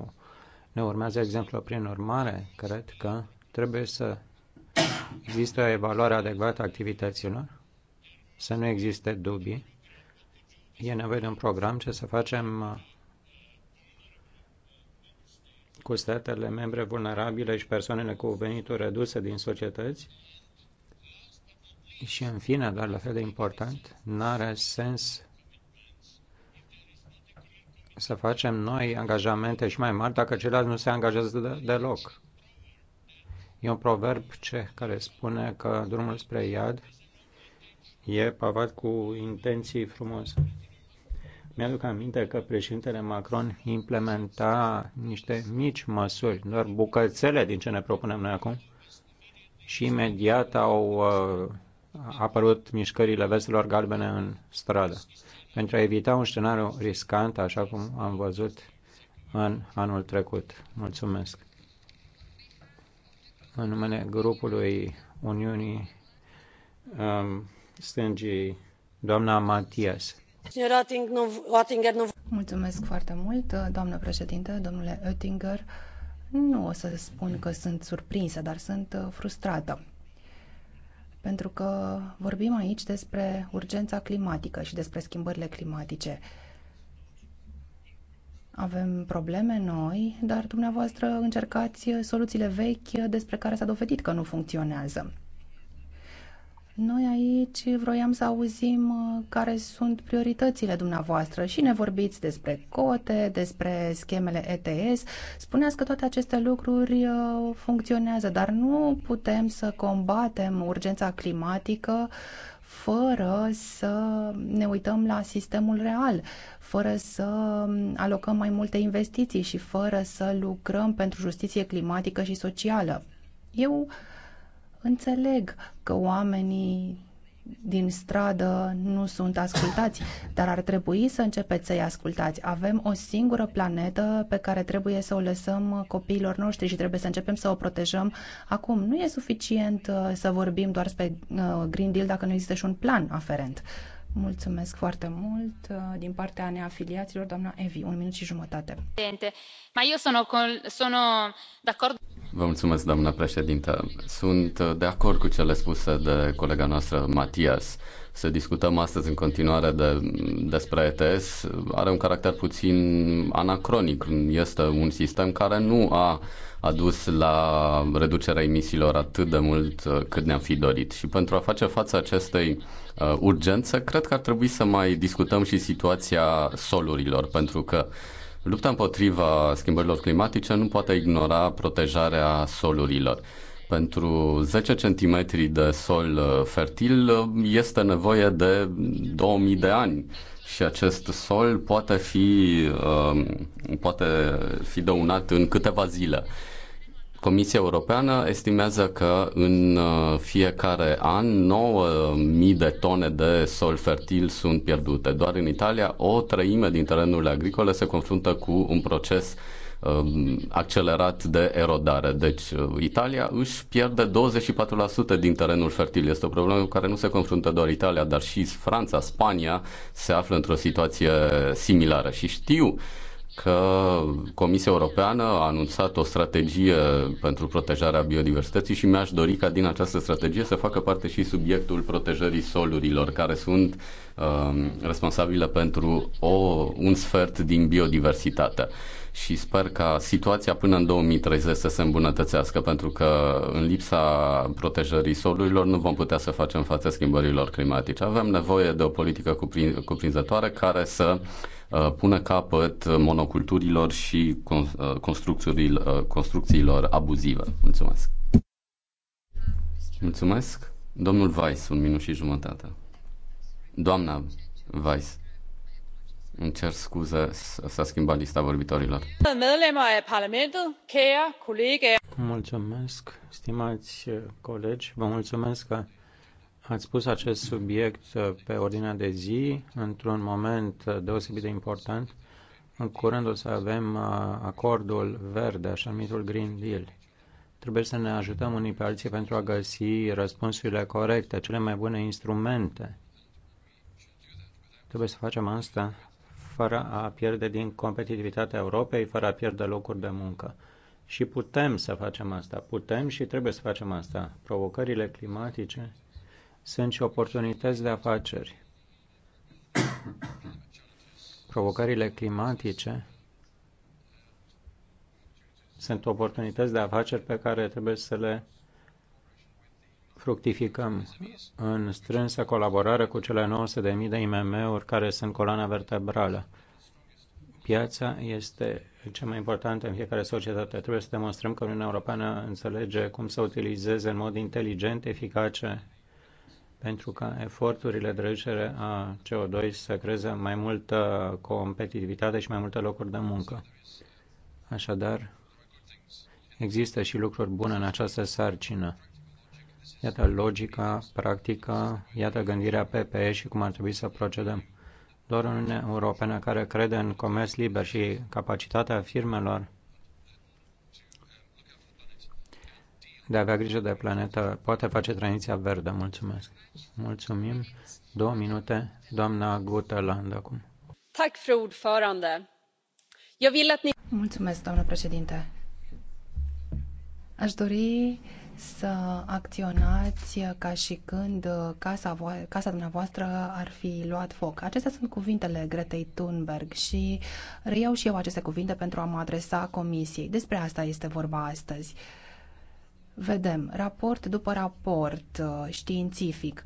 ne urmează exemplu. Prin urmare, cred că trebuie să există o evaluare adecvată a activităților, să nu existe dubii. E nevoie de un program ce să facem uh, cu statele membre vulnerabile și persoanele cu venituri reduse din societăți. Și în fine, dar la fel de important, n-are sens să facem noi angajamente și mai mari dacă ceilalți nu se angajează de- deloc. E un proverb ce care spune că drumul spre iad e pavat cu intenții frumoase. Mi-aduc aminte că președintele Macron implementa niște mici măsuri, doar bucățele din ce ne propunem noi acum și imediat au uh, apărut mișcările vestelor galbene în stradă. Pentru a evita un scenariu riscant, așa cum am văzut în anul trecut. Mulțumesc. În numele grupului Uniunii um, Stângii, doamna Matias doamnă președinte, domnule Oettinger. Nu o să spun că sunt surprinsă, dar sunt uh, frustrată. Pentru că vorbim aici despre urgența climatică și despre schimbările climatice. Avem probleme noi, dar dumneavoastră încercați uh, soluțiile vechi despre care s-a dovedit că nu funcționează. Noi aici vroiam să auzim uh, care sunt prioritățile dumneavoastră și ne vorbiți despre cote, despre schemele ETS. Spuneați că toate aceste lucruri uh, funcționează, dar nu putem să combatem urgența climatică fără să ne uităm la sistemul real, fără să um, alocăm mai multe investiții și fără să lucrăm pentru justiție climatică și socială. Eu uh, Înțeleg că oamenii din stradă nu sunt ascultați, dar ar trebui să începeți să-i ascultați. Avem o singură planetă pe care trebuie să o lăsăm copiilor noștri și trebuie să începem să o protejăm acum. Nu e suficient uh, să vorbim doar despre uh, Green Deal dacă nu există și un plan aferent. Mulțumesc foarte mult uh, din partea neafiliaților, doamna Evi, un minut și jumătate. Ma eu sono, sono d'accordo. Vă mulțumesc, doamna președintă. Sunt uh, de acord cu cele spuse de colega noastră Matias. Să discutăm astăzi în continuare de, despre ETS. Are un caracter puțin anacronic. Este un sistem care nu a adus la reducerea emisiilor atât de mult uh, cât ne-am fi dorit. Și pentru a face față acestei uh, urgențe, cred că ar trebui să mai discutăm și situația solurilor, pentru că uh, Lupta împotriva schimbărilor climatice nu poate ignora protejarea solurilor. Pentru 10 cm de sol uh, fertil uh, este nevoie de 2000 de ani și acest sol poate fi, uh, poate fi dăunat în câteva zile. Comisia Europeană estimează că în uh, fiecare an 9.000 de tone de sol fertil sunt pierdute. Doar în Italia o treime din terenurile agricole se confruntă cu un proces um, accelerat de erodare. Deci uh, Italia își pierde 24% din terenul fertil. Este o problemă cu care nu se confruntă doar Italia, dar și Franța, Spania se află într-o situație similară. Și știu că Comisia Europeană a anunțat o strategie pentru protejarea biodiversității și mi-aș dori ca din această strategie să facă parte și subiectul protejării solurilor, care sunt uh, responsabile pentru o, un sfert din biodiversitate și sper ca situația până în 2030 să se îmbunătățească, pentru că în lipsa protejării solurilor nu vom putea să facem față schimbărilor climatice. Avem nevoie de o politică cuprinzătoare care să uh, pune capăt monoculturilor și uh, construcțiilor, uh, construcțiilor abuzive. Mulțumesc! Mulțumesc! Domnul Weiss, un minut și jumătate. Doamna Weiss. Îmi cer scuze, s-a schimbat lista vorbitorilor. Mulțumesc, stimați uh, colegi, vă mulțumesc că ați pus acest subiect uh, pe ordinea de zi într-un moment uh, deosebit de important. În curând o să avem acordul verde, așa numitul Green Deal. Trebuie să ne ajutăm unii pe alții pentru a găsi răspunsurile corecte, cele mai bune instrumente. Trebuie să facem asta fără a pierde din competitivitatea Europei, fără a pierde locuri de muncă. Și putem să facem asta. Putem și trebuie să facem asta. Provocările climatice sunt și oportunități de afaceri. Provocările climatice sunt oportunități de afaceri pe care trebuie să le fructificăm în strânsă colaborare cu cele 900.000 de IMM-uri care sunt coloana vertebrală. Piața este cea mai importantă în fiecare societate. Trebuie să demonstrăm că Uniunea Europeană înțelege cum să utilizeze în mod inteligent, eficace, pentru ca eforturile de reducere a CO2 să creeze mai multă competitivitate și mai multe locuri de muncă. Așadar, există și lucruri bune în această sarcină. Iată logica, practica, iată gândirea PPE și cum ar trebui să procedăm. Doar Uniunea Europeană care crede în comerț liber și capacitatea firmelor de a avea grijă de planetă poate face tranziția verde. Mulțumesc. Mulțumim. Două minute, doamna Guteland acum. Mulțumesc, doamnă președinte. Aș dori să acționați ca și când uh, casa, vo- casa dumneavoastră ar fi luat foc. Acestea sunt cuvintele Gretei Thunberg și reiau și eu aceste cuvinte pentru a mă adresa comisiei. Despre asta este vorba astăzi. Vedem raport după raport uh, științific.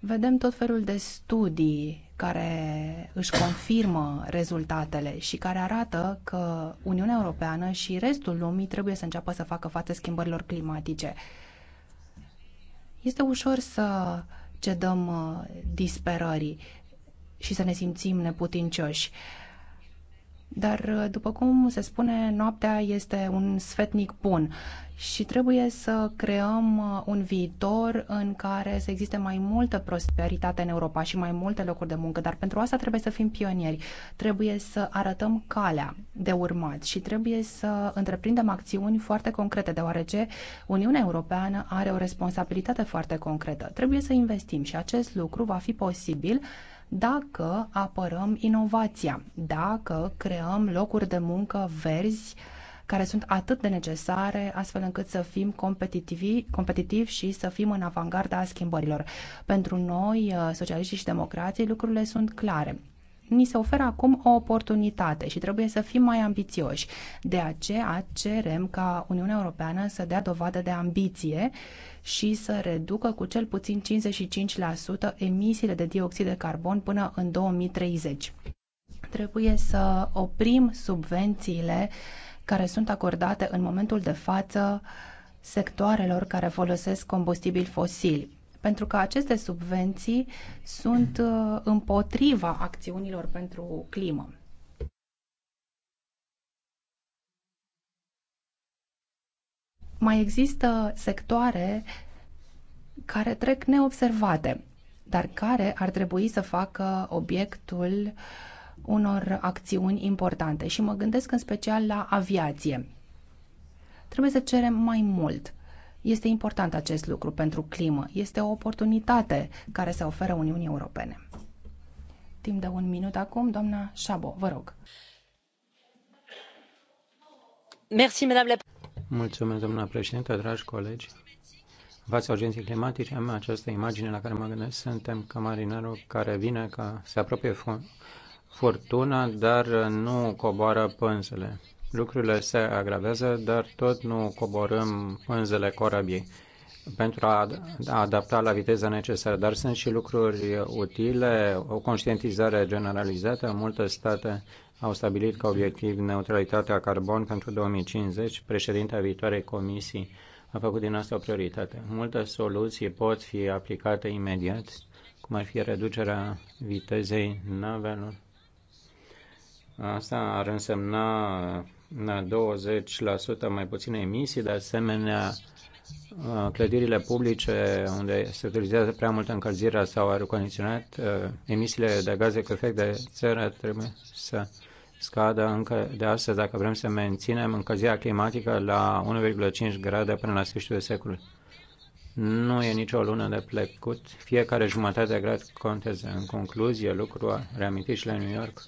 Vedem tot felul de studii care își confirmă rezultatele și care arată că Uniunea Europeană și restul lumii trebuie să înceapă să facă față schimbărilor climatice. Este ușor să cedăm uh, disperării și să ne simțim neputincioși. Dar, uh, după cum se spune, noaptea este un sfetnic bun și trebuie să creăm uh, un viitor în care să existe mai multă prosperitate în Europa și mai multe locuri de muncă, dar pentru asta trebuie să fim pionieri, trebuie să arătăm calea de urmat și trebuie să întreprindem acțiuni foarte concrete, deoarece Uniunea Europeană are o responsabilitate foarte concretă. Trebuie să investim și acest lucru va fi posibil dacă apărăm inovația, dacă creăm locuri de muncă verzi, care sunt atât de necesare, astfel încât să fim competitivi, competitivi și să fim în avangarda schimbărilor. Pentru noi, uh, socialiștii și democrații, lucrurile sunt clare ni se oferă acum o oportunitate și trebuie să fim mai ambițioși. De aceea cerem ca Uniunea Europeană să dea dovadă de ambiție și să reducă cu cel puțin 55% emisiile de dioxid de carbon până în 2030. Trebuie să oprim subvențiile uh, care sunt acordate în momentul de față sectoarelor care folosesc combustibili fosili pentru că aceste subvenții sunt uh, împotriva acțiunilor pentru climă. Mai există sectoare care trec neobservate, dar care ar trebui să facă obiectul uh, unor acțiuni importante și mă gândesc în special la aviație. Trebuie să cerem mai mult. Este important acest lucru pentru climă. Este o oportunitate care se oferă Uniunii Europene. Timp de un minut acum, doamna Șabo, vă rog. Merci, madame Mulțumesc, doamna președintă, dragi colegi. În fața urgenței climatice am această imagine la care mă gândesc. Suntem ca marinarul care vine, ca se apropie furtună, dar nu coboară pânzele. Lucrurile se agravează, dar tot nu coborâm pânzele corabiei pentru a adapta la viteza necesară, dar sunt și lucruri utile, o conștientizare generalizată. Multe state au stabilit ca obiectiv neutralitatea carbon pentru 2050. Președintea viitoarei comisii a făcut din asta o prioritate. Multe soluții pot fi aplicate imediat, cum ar fi reducerea vitezei navelor Asta ar însemna 20% mai puține emisii, de asemenea uh, clădirile publice unde se utilizează prea multă încălzirea sau aer condiționat, uh, emisiile de gaze cu efect de seră trebuie să scadă încă de astăzi dacă vrem să menținem încălzirea climatică la 1,5 grade până la sfârșitul de secol. Nu e nicio lună de plecut. Fiecare jumătate de grad contează. În concluzie, lucru reamintit și la New York,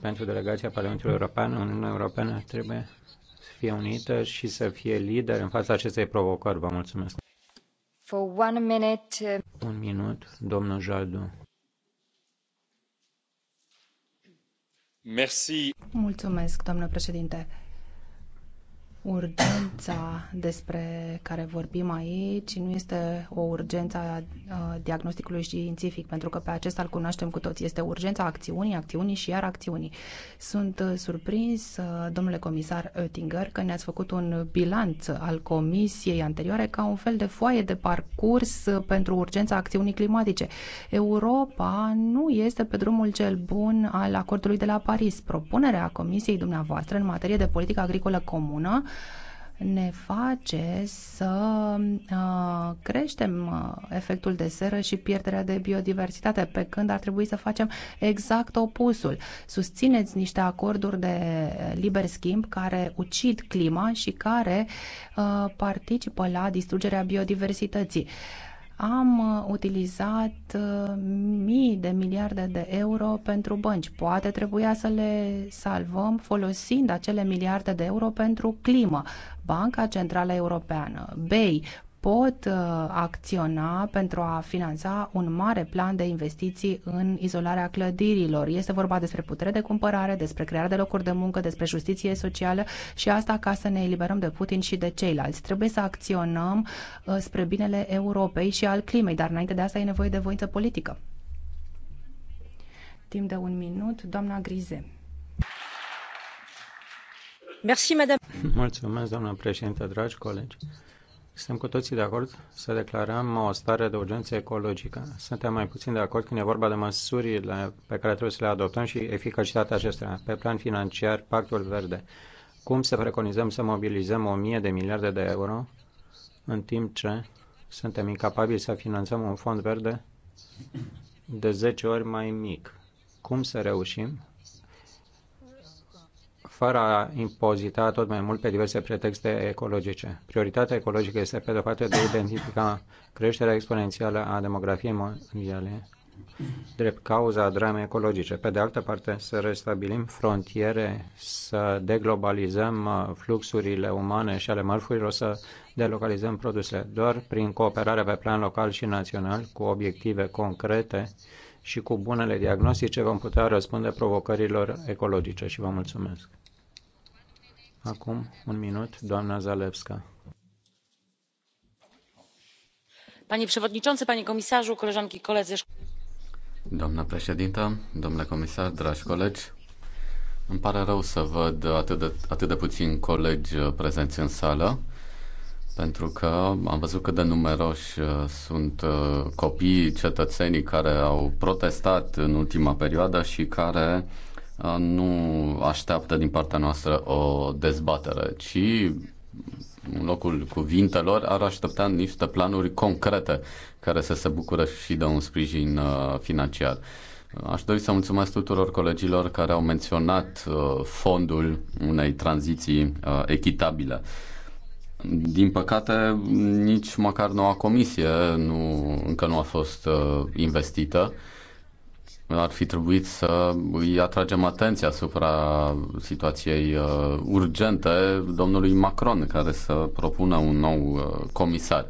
pentru delegația Parlamentului European, Uniunea Europeană trebuie să fie unită și să fie lider în fața acestei provocări. Vă mulțumesc. For one minute. Uh, Un minut, domnul Jaldu. Merci. Mulțumesc, domnule președinte. Urgența despre care vorbim aici nu este o urgență a diagnosticului științific, pentru că pe acesta îl cunoaștem cu toți. Este urgența acțiunii, acțiunii și iar acțiunii. Sunt uh, surprins, uh, domnule comisar Oettinger, că ne-ați făcut un bilanț al comisiei anterioare ca un fel de foaie de parcurs uh, pentru urgența acțiunii climatice. Europa nu este pe drumul cel bun al acordului de la Paris. Propunerea comisiei dumneavoastră în materie de politică agricolă comună ne face să uh, creștem uh, efectul de seră și pierderea de biodiversitate, pe când ar trebui să facem exact opusul. Susțineți niște acorduri de liber schimb care ucid clima și care uh, participă la distrugerea biodiversității am uh, utilizat uh, mii de miliarde de euro pentru bănci. Poate trebuia să le salvăm folosind acele miliarde de euro pentru climă. Banca Centrală Europeană, BEI, pot uh, acționa pentru a finanța un mare plan de investiții în izolarea clădirilor. Este vorba despre putere de cumpărare, despre crearea de locuri de muncă, despre justiție socială și asta ca să ne eliberăm de Putin și de ceilalți. Trebuie să acționăm uh, spre binele Europei și al climei, dar înainte de asta e nevoie de voință politică. Timp de un minut, doamna Grize. Mulțumesc, doamna președintă, dragi colegi. Suntem cu toții de acord să declarăm o stare de urgență ecologică. Suntem mai puțin de acord când e vorba de măsurile pe care trebuie să le adoptăm și eficacitatea acestora. Pe plan financiar, pactul verde. Cum să preconizăm să mobilizăm 1000 de miliarde de euro în timp ce suntem incapabili să finanțăm un fond verde de 10 ori mai mic? Cum să reușim fără a impozita tot mai mult pe diverse pretexte ecologice. Prioritatea ecologică este, pe de o parte, de a identifica creșterea exponențială a demografiei mondiale drept cauza dramei ecologice. Pe de altă parte, să restabilim frontiere, să deglobalizăm uh, fluxurile umane și ale mărfurilor, să delocalizăm produsele. Doar prin cooperare pe plan local și național, cu obiective concrete, și cu bunele diagnostice vom putea răspunde provocărilor ecologice și vă mulțumesc. Acum, un minut, doamna Zalewska. Panie przewodniczący, panie komisarzu, koleżanki i koledzy. Doamna președintă, domnule comisar, dragi colegi, îmi pare rău să văd atât de, atât de puțini colegi prezenți în sală, pentru că am văzut cât de numeroși sunt copiii, cetățenii care au protestat în ultima perioadă și care uh, Uh, nu așteaptă din partea noastră o dezbatere, ci în locul cuvintelor ar aștepta niște planuri concrete care să se bucură și de un sprijin uh, financiar. Aș dori să mulțumesc tuturor colegilor care au menționat uh, fondul unei tranziții echitabile. Din păcate, nici măcar noua comisie nu, încă nu a fost investită ar fi trebuit să îi atragem atenția asupra situației uh, urgente domnului Macron, care să propună un nou uh, comisar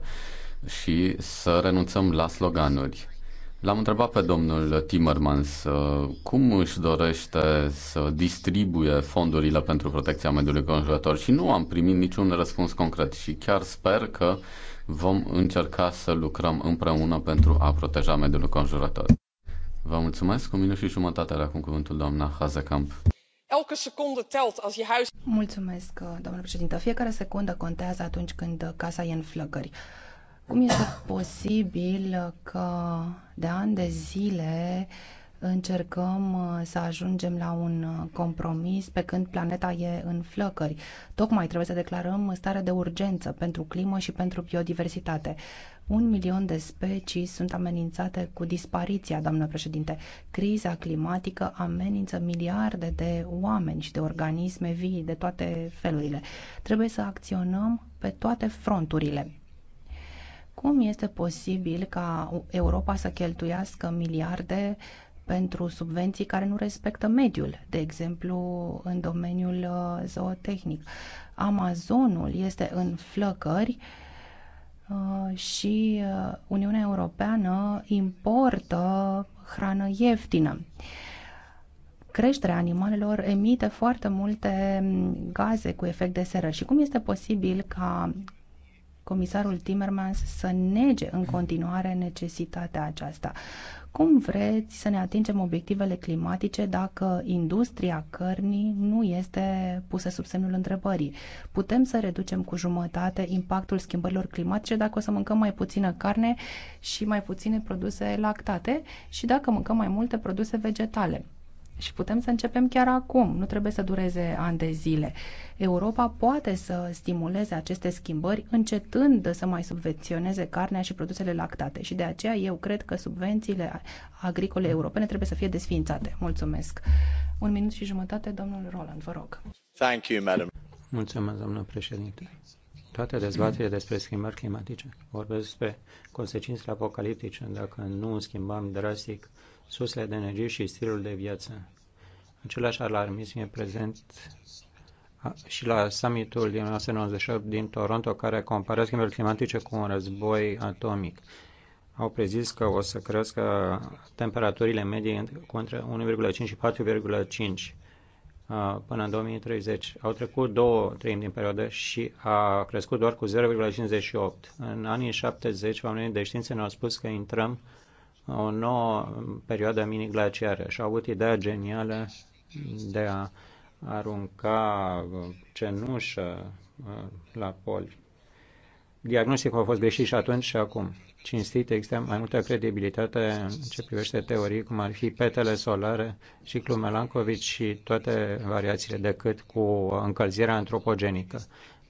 și să renunțăm la sloganuri. L-am întrebat pe domnul Timmermans uh, cum își dorește să distribuie fondurile pentru protecția mediului conjurător și nu am primit niciun răspuns concret și chiar sper că vom încerca să lucrăm împreună pentru a proteja mediul conjurător. Vă mulțumesc. Cu minut și jumătate la cum cuvântul doamna Hazekamp. Elke secundă telt als je huis... Mulțumesc, uh, domnule președinte. Fiecare secundă contează atunci când uh, casa e în flăcări. Cum este posibil că de ani de zile încercăm uh, să ajungem la un compromis pe când planeta e în flăcări. Tocmai trebuie să declarăm stare de urgență pentru climă și pentru biodiversitate. Un milion de specii sunt amenințate cu dispariția, doamnă președinte. Criza climatică amenință miliarde de oameni și de organisme vii de toate felurile. Trebuie să acționăm pe toate fronturile. Cum este posibil ca Europa să cheltuiască miliarde pentru subvenții care nu respectă mediul, de exemplu în domeniul uh, zootehnic? Amazonul este în flăcări uh, Uh, și uh, Uniunea Europeană importă hrană ieftină. Creșterea animalelor emite foarte multe gaze cu efect de seră și cum este posibil ca comisarul Timmermans să nege în continuare necesitatea aceasta. Cum vreți să ne atingem obiectivele climatice dacă industria cărnii nu este pusă sub semnul întrebării? Putem să reducem cu jumătate impactul schimbărilor climatice dacă o să mâncăm mai puțină carne și mai puține produse lactate și dacă mâncăm mai multe produse vegetale și putem să începem chiar acum, nu trebuie să dureze ani de zile. Europa poate să stimuleze aceste schimbări încetând să mai subvenționeze carnea și produsele lactate și de aceea eu cred că subvențiile agricole europene trebuie să fie desființate. Mulțumesc. Un minut și jumătate, domnul Roland, vă rog. Thank you, madam. Mulțumesc, domnul președinte. Toate dezbaterile despre schimbări climatice vorbesc despre consecințele apocaliptice dacă nu schimbăm drastic sursele de energie și stilul de viață. Același alarmism e prezent și la summitul din 1998 din Toronto, care compară schimbările climatice cu un război atomic. Au prezis că o să crească temperaturile medii cu între 1,5 și 4,5 până în 2030. Au trecut două treimi din perioadă și a crescut doar cu 0,58. În anii 70, oamenii de știință ne-au spus că intrăm o nouă perioadă mini-glaciară și au avut ideea genială de a arunca uh, cenușă uh, la poli. Diagnosticul a fost greșit și atunci și acum. Cinstit, există mai multă credibilitate în ce privește teorii, cum ar fi petele solare și clumelancovici și toate variațiile, decât cu încălzirea antropogenică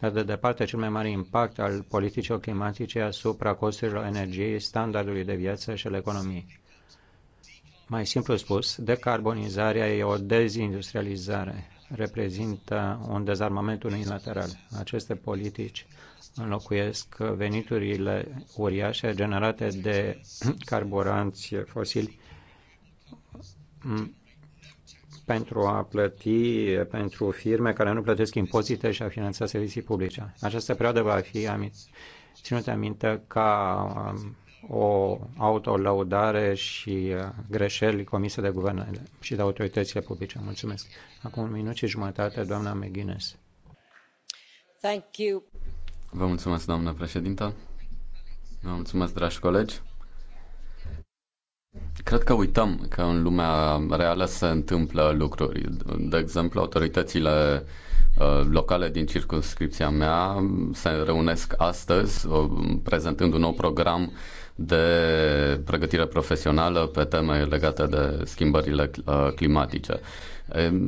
dar de departe cel mai mare impact al politicilor climatice asupra costurilor energiei, standardului de viață și al economiei. Mai simplu spus, decarbonizarea e o dezindustrializare, reprezintă un dezarmament unilateral. Aceste politici înlocuiesc veniturile uriașe generate de carburanți fosili pentru a plăti pentru firme care nu plătesc impozite și a finanța servicii publice. Această perioadă va fi amit, ținută aminte ca um, o autolăudare și uh, greșeli comise de guvernele și de autoritățile publice. Mulțumesc. Acum un minut și jumătate, doamna McGuinness. Thank you. Vă mulțumesc, doamnă președintă. Vă mulțumesc, dragi colegi. Cred că uităm că în lumea reală se întâmplă lucruri. De exemplu, autoritățile uh, locale din circunscripția mea se reunesc astăzi uh, prezentând un nou program de pregătire profesională pe teme legate de schimbările uh, climatice.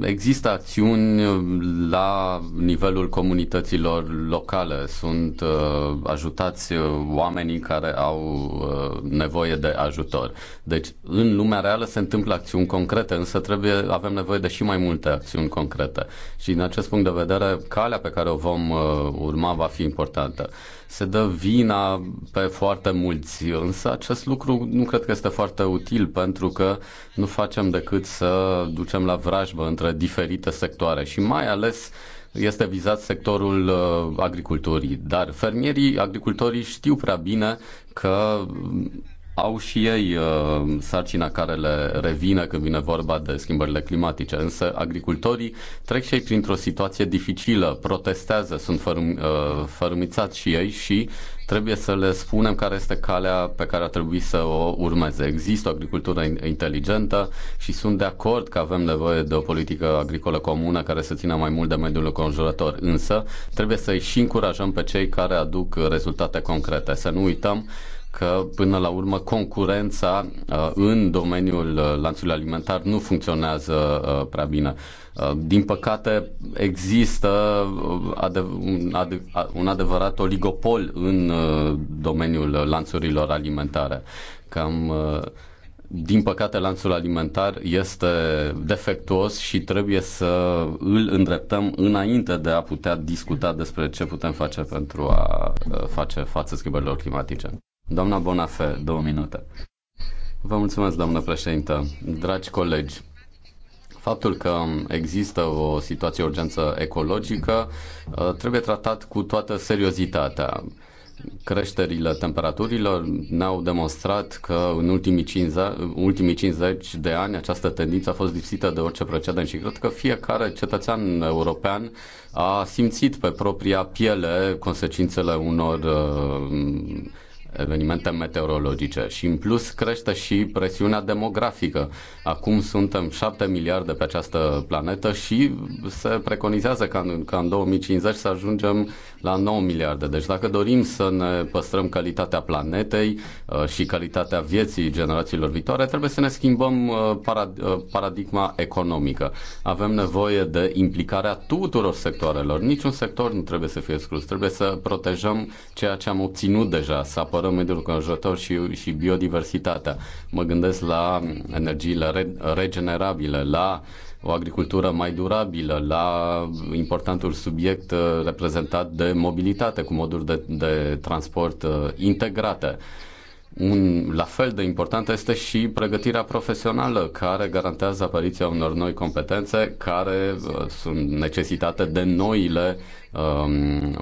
Există acțiuni uh, la nivelul comunităților locale. Sunt uh, ajutați oamenii care au nevoie de ajutor. Deci, în lumea reală se întâmplă acțiuni concrete, însă trebuie, avem nevoie de și mai multe acțiuni concrete. Și, din acest punct de vedere, calea pe care o vom urma va fi importantă se dă vina pe foarte mulți, însă acest lucru nu cred că este foarte util pentru că nu facem decât să ducem la vrajbă între diferite sectoare și mai ales este vizat sectorul uh, agriculturii, dar fermierii, agricultorii știu prea bine că au și ei uh, sarcina care le revine când vine vorba de schimbările climatice, însă agricultorii trec și ei printr-o situație dificilă, protestează, sunt fărâm, uh, fărâmițați și ei și trebuie să le spunem care este calea pe care ar trebui să o urmeze. Există o agricultură inteligentă și sunt de acord că avem nevoie de o politică agricolă comună care să țină mai mult de mediul conjurător, însă trebuie să îi și încurajăm pe cei care aduc rezultate concrete. Să nu uităm uh, că până la urmă concurența uh, în domeniul uh, lanțului alimentar nu funcționează uh, prea bine. Din păcate există un adevărat oligopol în domeniul lanțurilor alimentare. Cam din păcate, lanțul alimentar este defectuos și trebuie să îl îndreptăm înainte de a putea discuta despre ce putem face pentru a face față schimbărilor climatice. Doamna Bonafé, două minute. Vă mulțumesc, doamnă președintă. Dragi colegi, faptul că există o situație urgență ecologică uh, trebuie tratat cu toată seriozitatea. Creșterile temperaturilor ne-au demonstrat că în ultimii 50, ultimii 50 de ani această tendință a fost lipsită de orice precedent și cred că fiecare cetățean european a simțit pe propria piele consecințele unor uh, evenimente meteorologice și în plus crește și presiunea demografică. Acum suntem 7 miliarde pe această planetă și se preconizează ca în, ca în 2050 să ajungem la 9 miliarde. Deci dacă dorim să ne păstrăm calitatea planetei uh, și calitatea vieții generațiilor viitoare, trebuie să ne schimbăm uh, parad- uh, paradigma economică. Avem nevoie de implicarea tuturor sectoarelor. Niciun sector nu trebuie să fie exclus. Trebuie să protejăm ceea ce am obținut deja, să apărăm înconjurător, mediului înconjurător și, și biodiversitatea. Mă gândesc la energiile re, regenerabile, la o agricultură mai durabilă, la importantul subiect uh, reprezentat de mobilitate cu moduri de, de transport uh, integrate. Un, la fel de importantă este și pregătirea profesională care garantează apariția unor noi competențe care uh, sunt necesitate de noile um,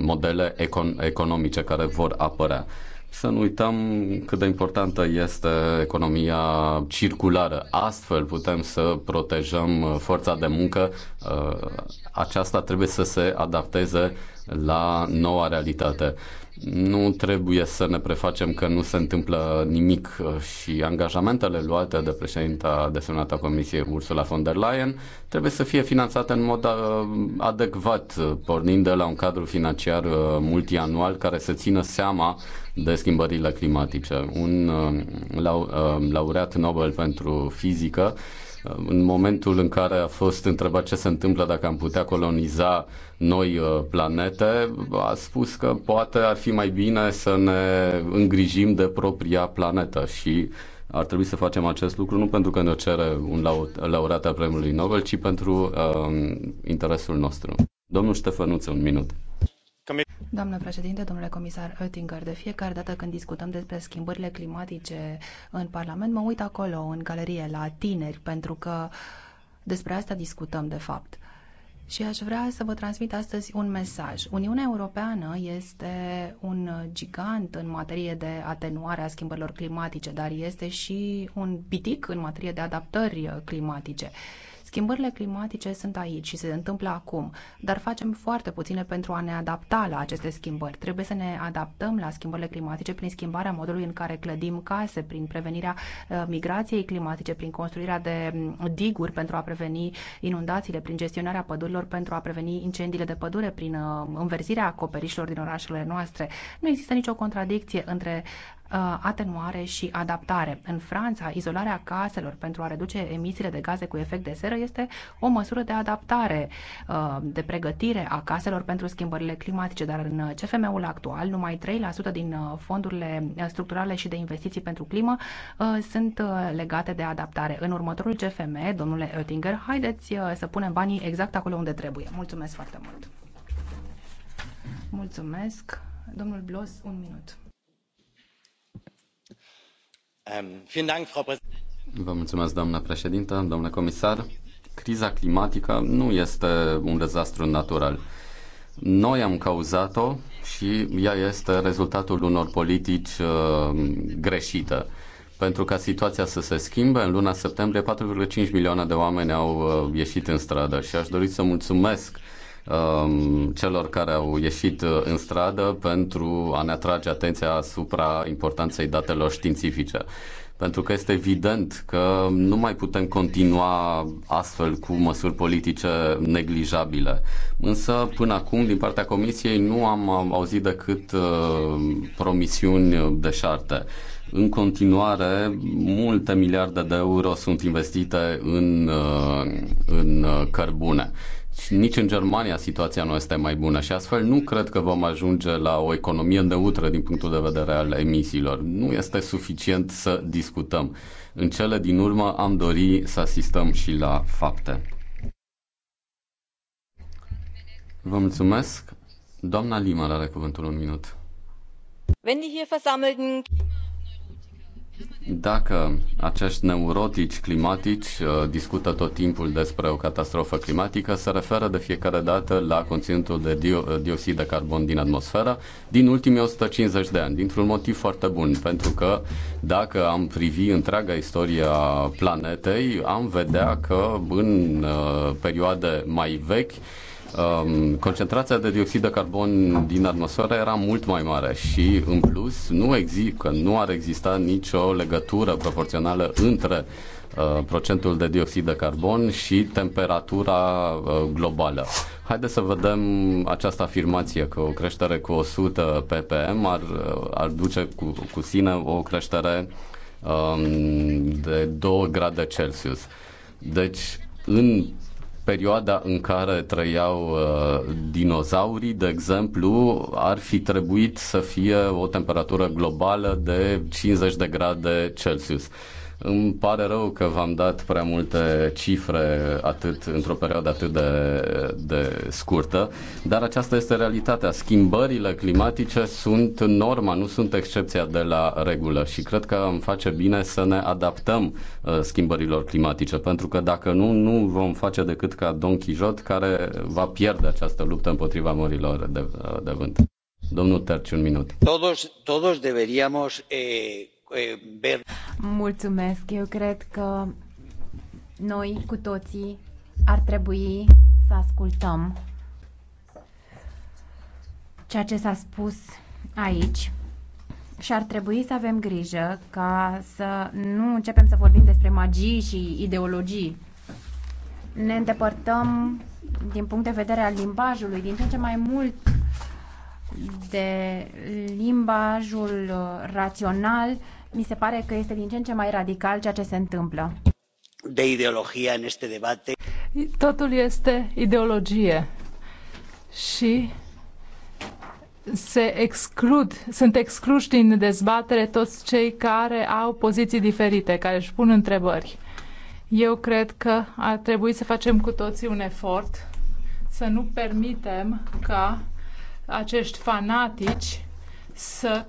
modele econ- economice care vor apărea. Să nu uităm cât de importantă este economia circulară. Astfel putem să protejăm forța de muncă. Ă, aceasta trebuie să se adapteze la noua realitate. Nu trebuie să ne prefacem că nu se întâmplă nimic uh, și angajamentele luate de președinta desemnată a Comisiei Ursula von der Leyen trebuie să fie finanțate în mod uh, adecvat, uh, pornind de la un cadru financiar multianual care să țină seama de schimbările climatice. Un laureat Nobel pentru fizică în momentul în care a fost întrebat ce se întâmplă dacă am putea coloniza noi uh, planete, a spus că poate ar fi mai bine să ne îngrijim de propria planetă și ar trebui să facem acest lucru nu pentru că ne cere un laureat al premiului Nobel, ci pentru uh, interesul nostru. Domnul Ștefănuță, un minut. Doamnă președinte, domnule comisar Oettinger, de fiecare dată când discutăm despre schimbările climatice în Parlament, mă uit acolo, în galerie, la tineri, pentru că despre asta discutăm, de fapt. Și aș vrea să vă transmit astăzi un mesaj. Uniunea Europeană este un gigant în materie de atenuare a schimbărilor climatice, dar este și un pitic în materie de adaptări climatice. Schimbările climatice sunt aici și se întâmplă acum, dar facem foarte puține pentru a ne adapta la aceste schimbări. Trebuie să ne adaptăm la schimbările climatice prin schimbarea modului în care clădim case, prin prevenirea uh, migrației climatice, prin construirea de mm, diguri pentru a preveni inundațiile, prin gestionarea pădurilor pentru a preveni incendiile de pădure, prin uh, înverzirea acoperișilor din orașele noastre. Nu există nicio contradicție între Uh, atenuare și adaptare. În Franța, izolarea caselor pentru a reduce emisiile de gaze cu efect de seră este o măsură de adaptare, uh, de pregătire a caselor pentru schimbările climatice, dar în CFM-ul actual, numai 3% din uh, fondurile structurale și de investiții pentru climă sunt legate de adaptare. În următorul CFM, domnule Oettinger, haideți să punem banii exact acolo unde trebuie. Mulțumesc foarte mult! Mulțumesc! Domnul Blos, un minut. Ehm, Vă mulțumesc, doamna președintă, domnule comisar. Criza climatică nu este un dezastru natural. Noi am cauzat-o și ea este rezultatul unor politici uh, greșite. Pentru ca situația să se schimbe, în luna septembrie 4,5 milioane de oameni au uh, ieșit în stradă și aș dori să mulțumesc uh, Um, celor care au ieșit uh, în stradă pentru a ne atrage atenția asupra importanței datelor științifice pentru că este evident că nu mai putem continua astfel cu măsuri politice neglijabile. Însă, până acum, din partea Comisiei, nu am auzit decât uh, promisiuni deșarte. În continuare, multe miliarde de euro sunt investite în, uh, în cărbune nici în Germania situația nu este mai bună și astfel nu cred că vom ajunge la o economie neutră din punctul de vedere al emisiilor. Nu este suficient să discutăm. În cele din urmă am dori să asistăm și la fapte. Vă mulțumesc. Doamna Lima are cuvântul un minut. Dacă acești neurotici climatici uh, discută tot timpul despre o catastrofă climatică, se referă de fiecare dată la conținutul de uh, dioxid de carbon din atmosferă din ultimii 150 de ani, dintr-un motiv foarte bun, pentru că dacă am privi întreaga istorie a planetei, am vedea că în uh, perioade mai vechi, um, concentrația de dioxid de carbon din atmosferă era mult mai mare și, în plus, nu există, nu ar exista nicio legătură proporțională între uh, procentul de dioxid de carbon și temperatura uh, globală. Haideți să vedem această afirmație că o creștere cu 100 ppm ar, uh, ar duce cu, cu sine o creștere um, de 2 grade Celsius. Deci, în perioada în care trăiau uh, dinozaurii, de exemplu, ar fi trebuit să fie o temperatură globală de 50 de grade Celsius. Îmi pare rău că v-am dat prea multe cifre atât într-o perioadă atât de, de scurtă, dar aceasta este realitatea. Schimbările climatice sunt norma, nu sunt excepția de la regulă și cred că îmi face bine să ne adaptăm uh, schimbărilor climatice, pentru că dacă nu, nu vom face decât ca Don Quixote care va pierde această luptă împotriva morilor de, uh, de vânt. Domnul Terci, un minut. Todos, todos deberíamos eh, Mulțumesc. Eu cred că noi cu toții ar trebui să ascultăm ceea ce s-a spus aici și ar trebui să avem grijă ca să nu începem să vorbim despre magii și ideologii. Ne îndepărtăm din punct de vedere al limbajului din ce în ce mai mult de limbajul rațional mi se pare că este din ce în ce mai radical ceea ce se întâmplă. De ideologia în este debate. Totul este ideologie și se exclud, sunt excluși din dezbatere toți cei care au poziții diferite, care își pun întrebări. Eu cred că ar trebui să facem cu toții un efort să nu permitem ca acești fanatici să